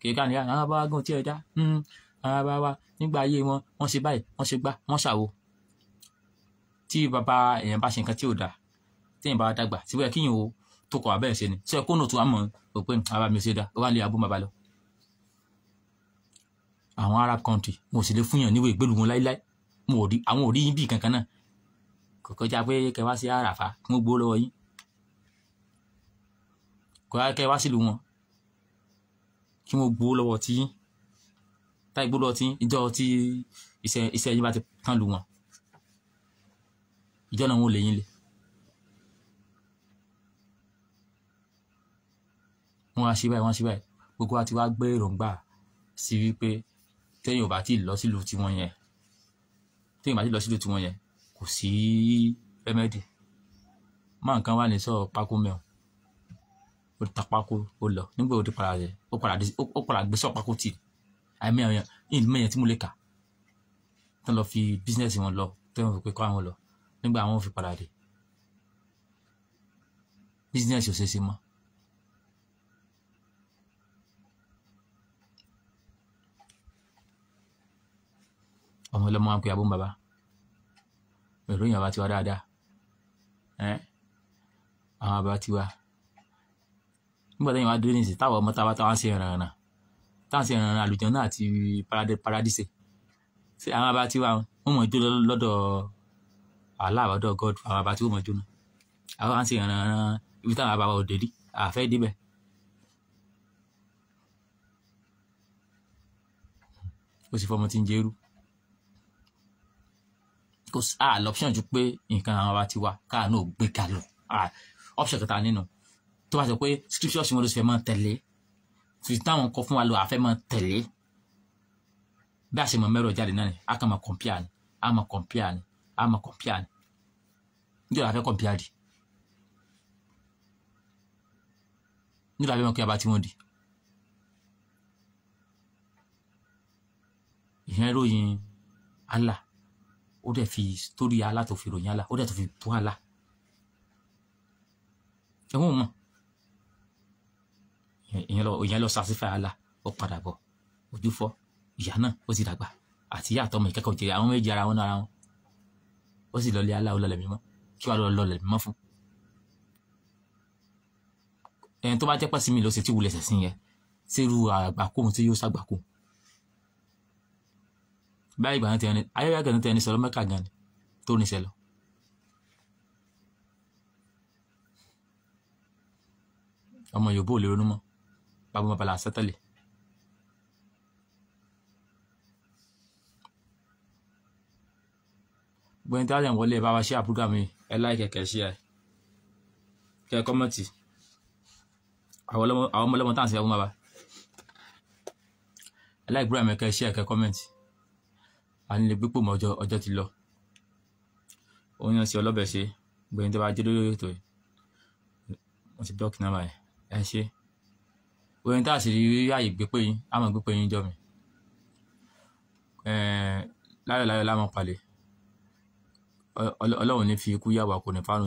kìí káàní àwọn abáwá gan tí ẹ dá hmm, àwọn abáwá nígbà ayé wọn wọ́n ṣe báyìí wọ́n ṣe gbá wọ́n ṣàwo tí bàbá èèyàn bá ṣe nǹkan tí ò dáa téèyàn bá dàgbà tí wọ́n yẹ kíyìn o tó kọ̀ abẹ́ ṣe ni tí kó nù tó àmọ́ òpé ara mi ò ṣe dá ó wá lé abó bàbá àwọn Arab country mo sì lè fúnyàn níwèé ìgbélú wọn láíláí mo ò rí àwọn ò rí yín bí kankan náà kò kọjá pé kẹwàá sí àràfà mo gbó lọ́wọ́ yín kò yá kẹ́ wá sílùú wọn kí wọ́n gbowó lọ́wọ́ tí táì gbowó lọ́wọ́ tí ìjọ tí iṣẹ́ iṣẹ́ yín bá ti tán lù wọn ìjọ náà wọn ò lè yín lè wọn á ṣe báyìí wọn á ṣe báyìí gbogbo àti wá gbé èròǹgbà sí wípé téèyàn ò bá tí ì lọ sílùú tiwọn yẹn téèyàn ò bá tí ì lọ sílùú tiwọn yẹn kò sí rẹ́mẹ́dì máa nǹkan wà ní sọ pákó mẹ́wọ̀n ó tapákó ó lọ nígbà òde padà rẹ ó padà ó padà gbé sọpákó tì àìmí àwọn èèyàn ní mẹyàn tí mo lè kà tó lọ fi bísínẹsì wọn lọ tó yẹn fi pé kọ àwọn lọ nígbà àwọn fi padà dé bísínẹsì ò ṣeé ṣe mọ́. ọmọ ọlọmọ wa ń pe abó ń bàbá ìròyìn àbá tiwa dáadáa àwọn àbá tiwa nígbà tẹ́yìn wá dúró nísìnyí táwọn ọmọ táwa táwọn ṣe ràn ràn táwọn ṣe ràn ràn àlùjọ náà àti paradise ṣe àwọn abá tí wọn mọ jó lọ́dọ̀ aláàbàdọ̀ god àwọn abá tí wọn mọ jó náà àwọn àti ràn ràn ibi táwọn abá wa ò dé rí àfẹ́ débẹ̀. ó sì fọmọ tí ń jẹrú kò sí àlọ́pṣọ̀n ju pé nǹkan àwọn abá ti wá káà náà gbé kalọ̀ option kẹta nínú tó bá sọ pé scriptures wọn ló sì fẹ́ máa tẹ̀lé fi táwọn kọ fún wa lọ àfẹ́ máa tẹ̀lé bí a ṣe mọ̀ mẹ́rọ jáde náà ni a kàn máa compare ni a máa compare ni a máa compare ni níjọ́ la fẹ́ compare di níjọ́ la fẹ́ mọ̀ kí a bá tí wọ́n di. ìyẹn ròyìn Allah ó dẹ̀ fi sítórí Allah tó fi ròyìn Allah ó dẹ̀ tó fi tó Allah ẹ̀wọ̀n mọ̀ ìyẹn lọ sàṣìfà àlà ó padà bọ̀ ojú fọ́ ìyá náà ó sì dàgbà àti ìyá àtọmọ ìkẹ́kọ̀ọ́ jẹrẹ àwọn méjì ara wọn náà ara wọn ó sì lọlé aláwọ lọlẹ mímọ́ kí wàá lọlẹ mímọ́ fún ẹni tó bá jẹ́ pẹ́sìmì ló ṣe tí wulẹ̀ ṣẹ̀sìn yẹn sírú àgbàkóhun tí yóò ṣàgbàkóhun báyìí ìgbà náà ti ẹni ayẹyẹ àgbà náà ti ẹni sọ̀rọ̀ mẹ́kà gan ni tó níṣẹ́ lọ. ọmọ Yorùbá ò lè ronú mọ́ bago mapalasa tal eh. gbẹ̀yìn tí a lè wọlé bá wa ṣe àpúgà mi ẹ láì kẹ̀kẹ́ ṣe ẹ kẹ kọ́mọ̀tì àwọn ọmọlọ́mọ tá à ń ṣe ẹ̀wọ̀n bàbá ẹ láì búra mi kẹ ṣe ẹ kẹ kọ́mọ̀tì a nílé gbípò mọ́ ọjọ́ ọjọ́ ti lọ òun yàn sí ọlọ́bẹ̀ ṣe gbẹ̀yìn tí a bá dé lórí ètò yìí eh. wọ́n ti blọ́ọ̀kì náà báyìí ẹ ṣe é orin tá a sì rí àyè gbé pé yín á mọ̀ gbé pé yín jọ mi láyọ̀ láyọ̀ lámọ̀ palẹ̀ ọlọ́run ní fi ikú yà wá kò ní fárùn.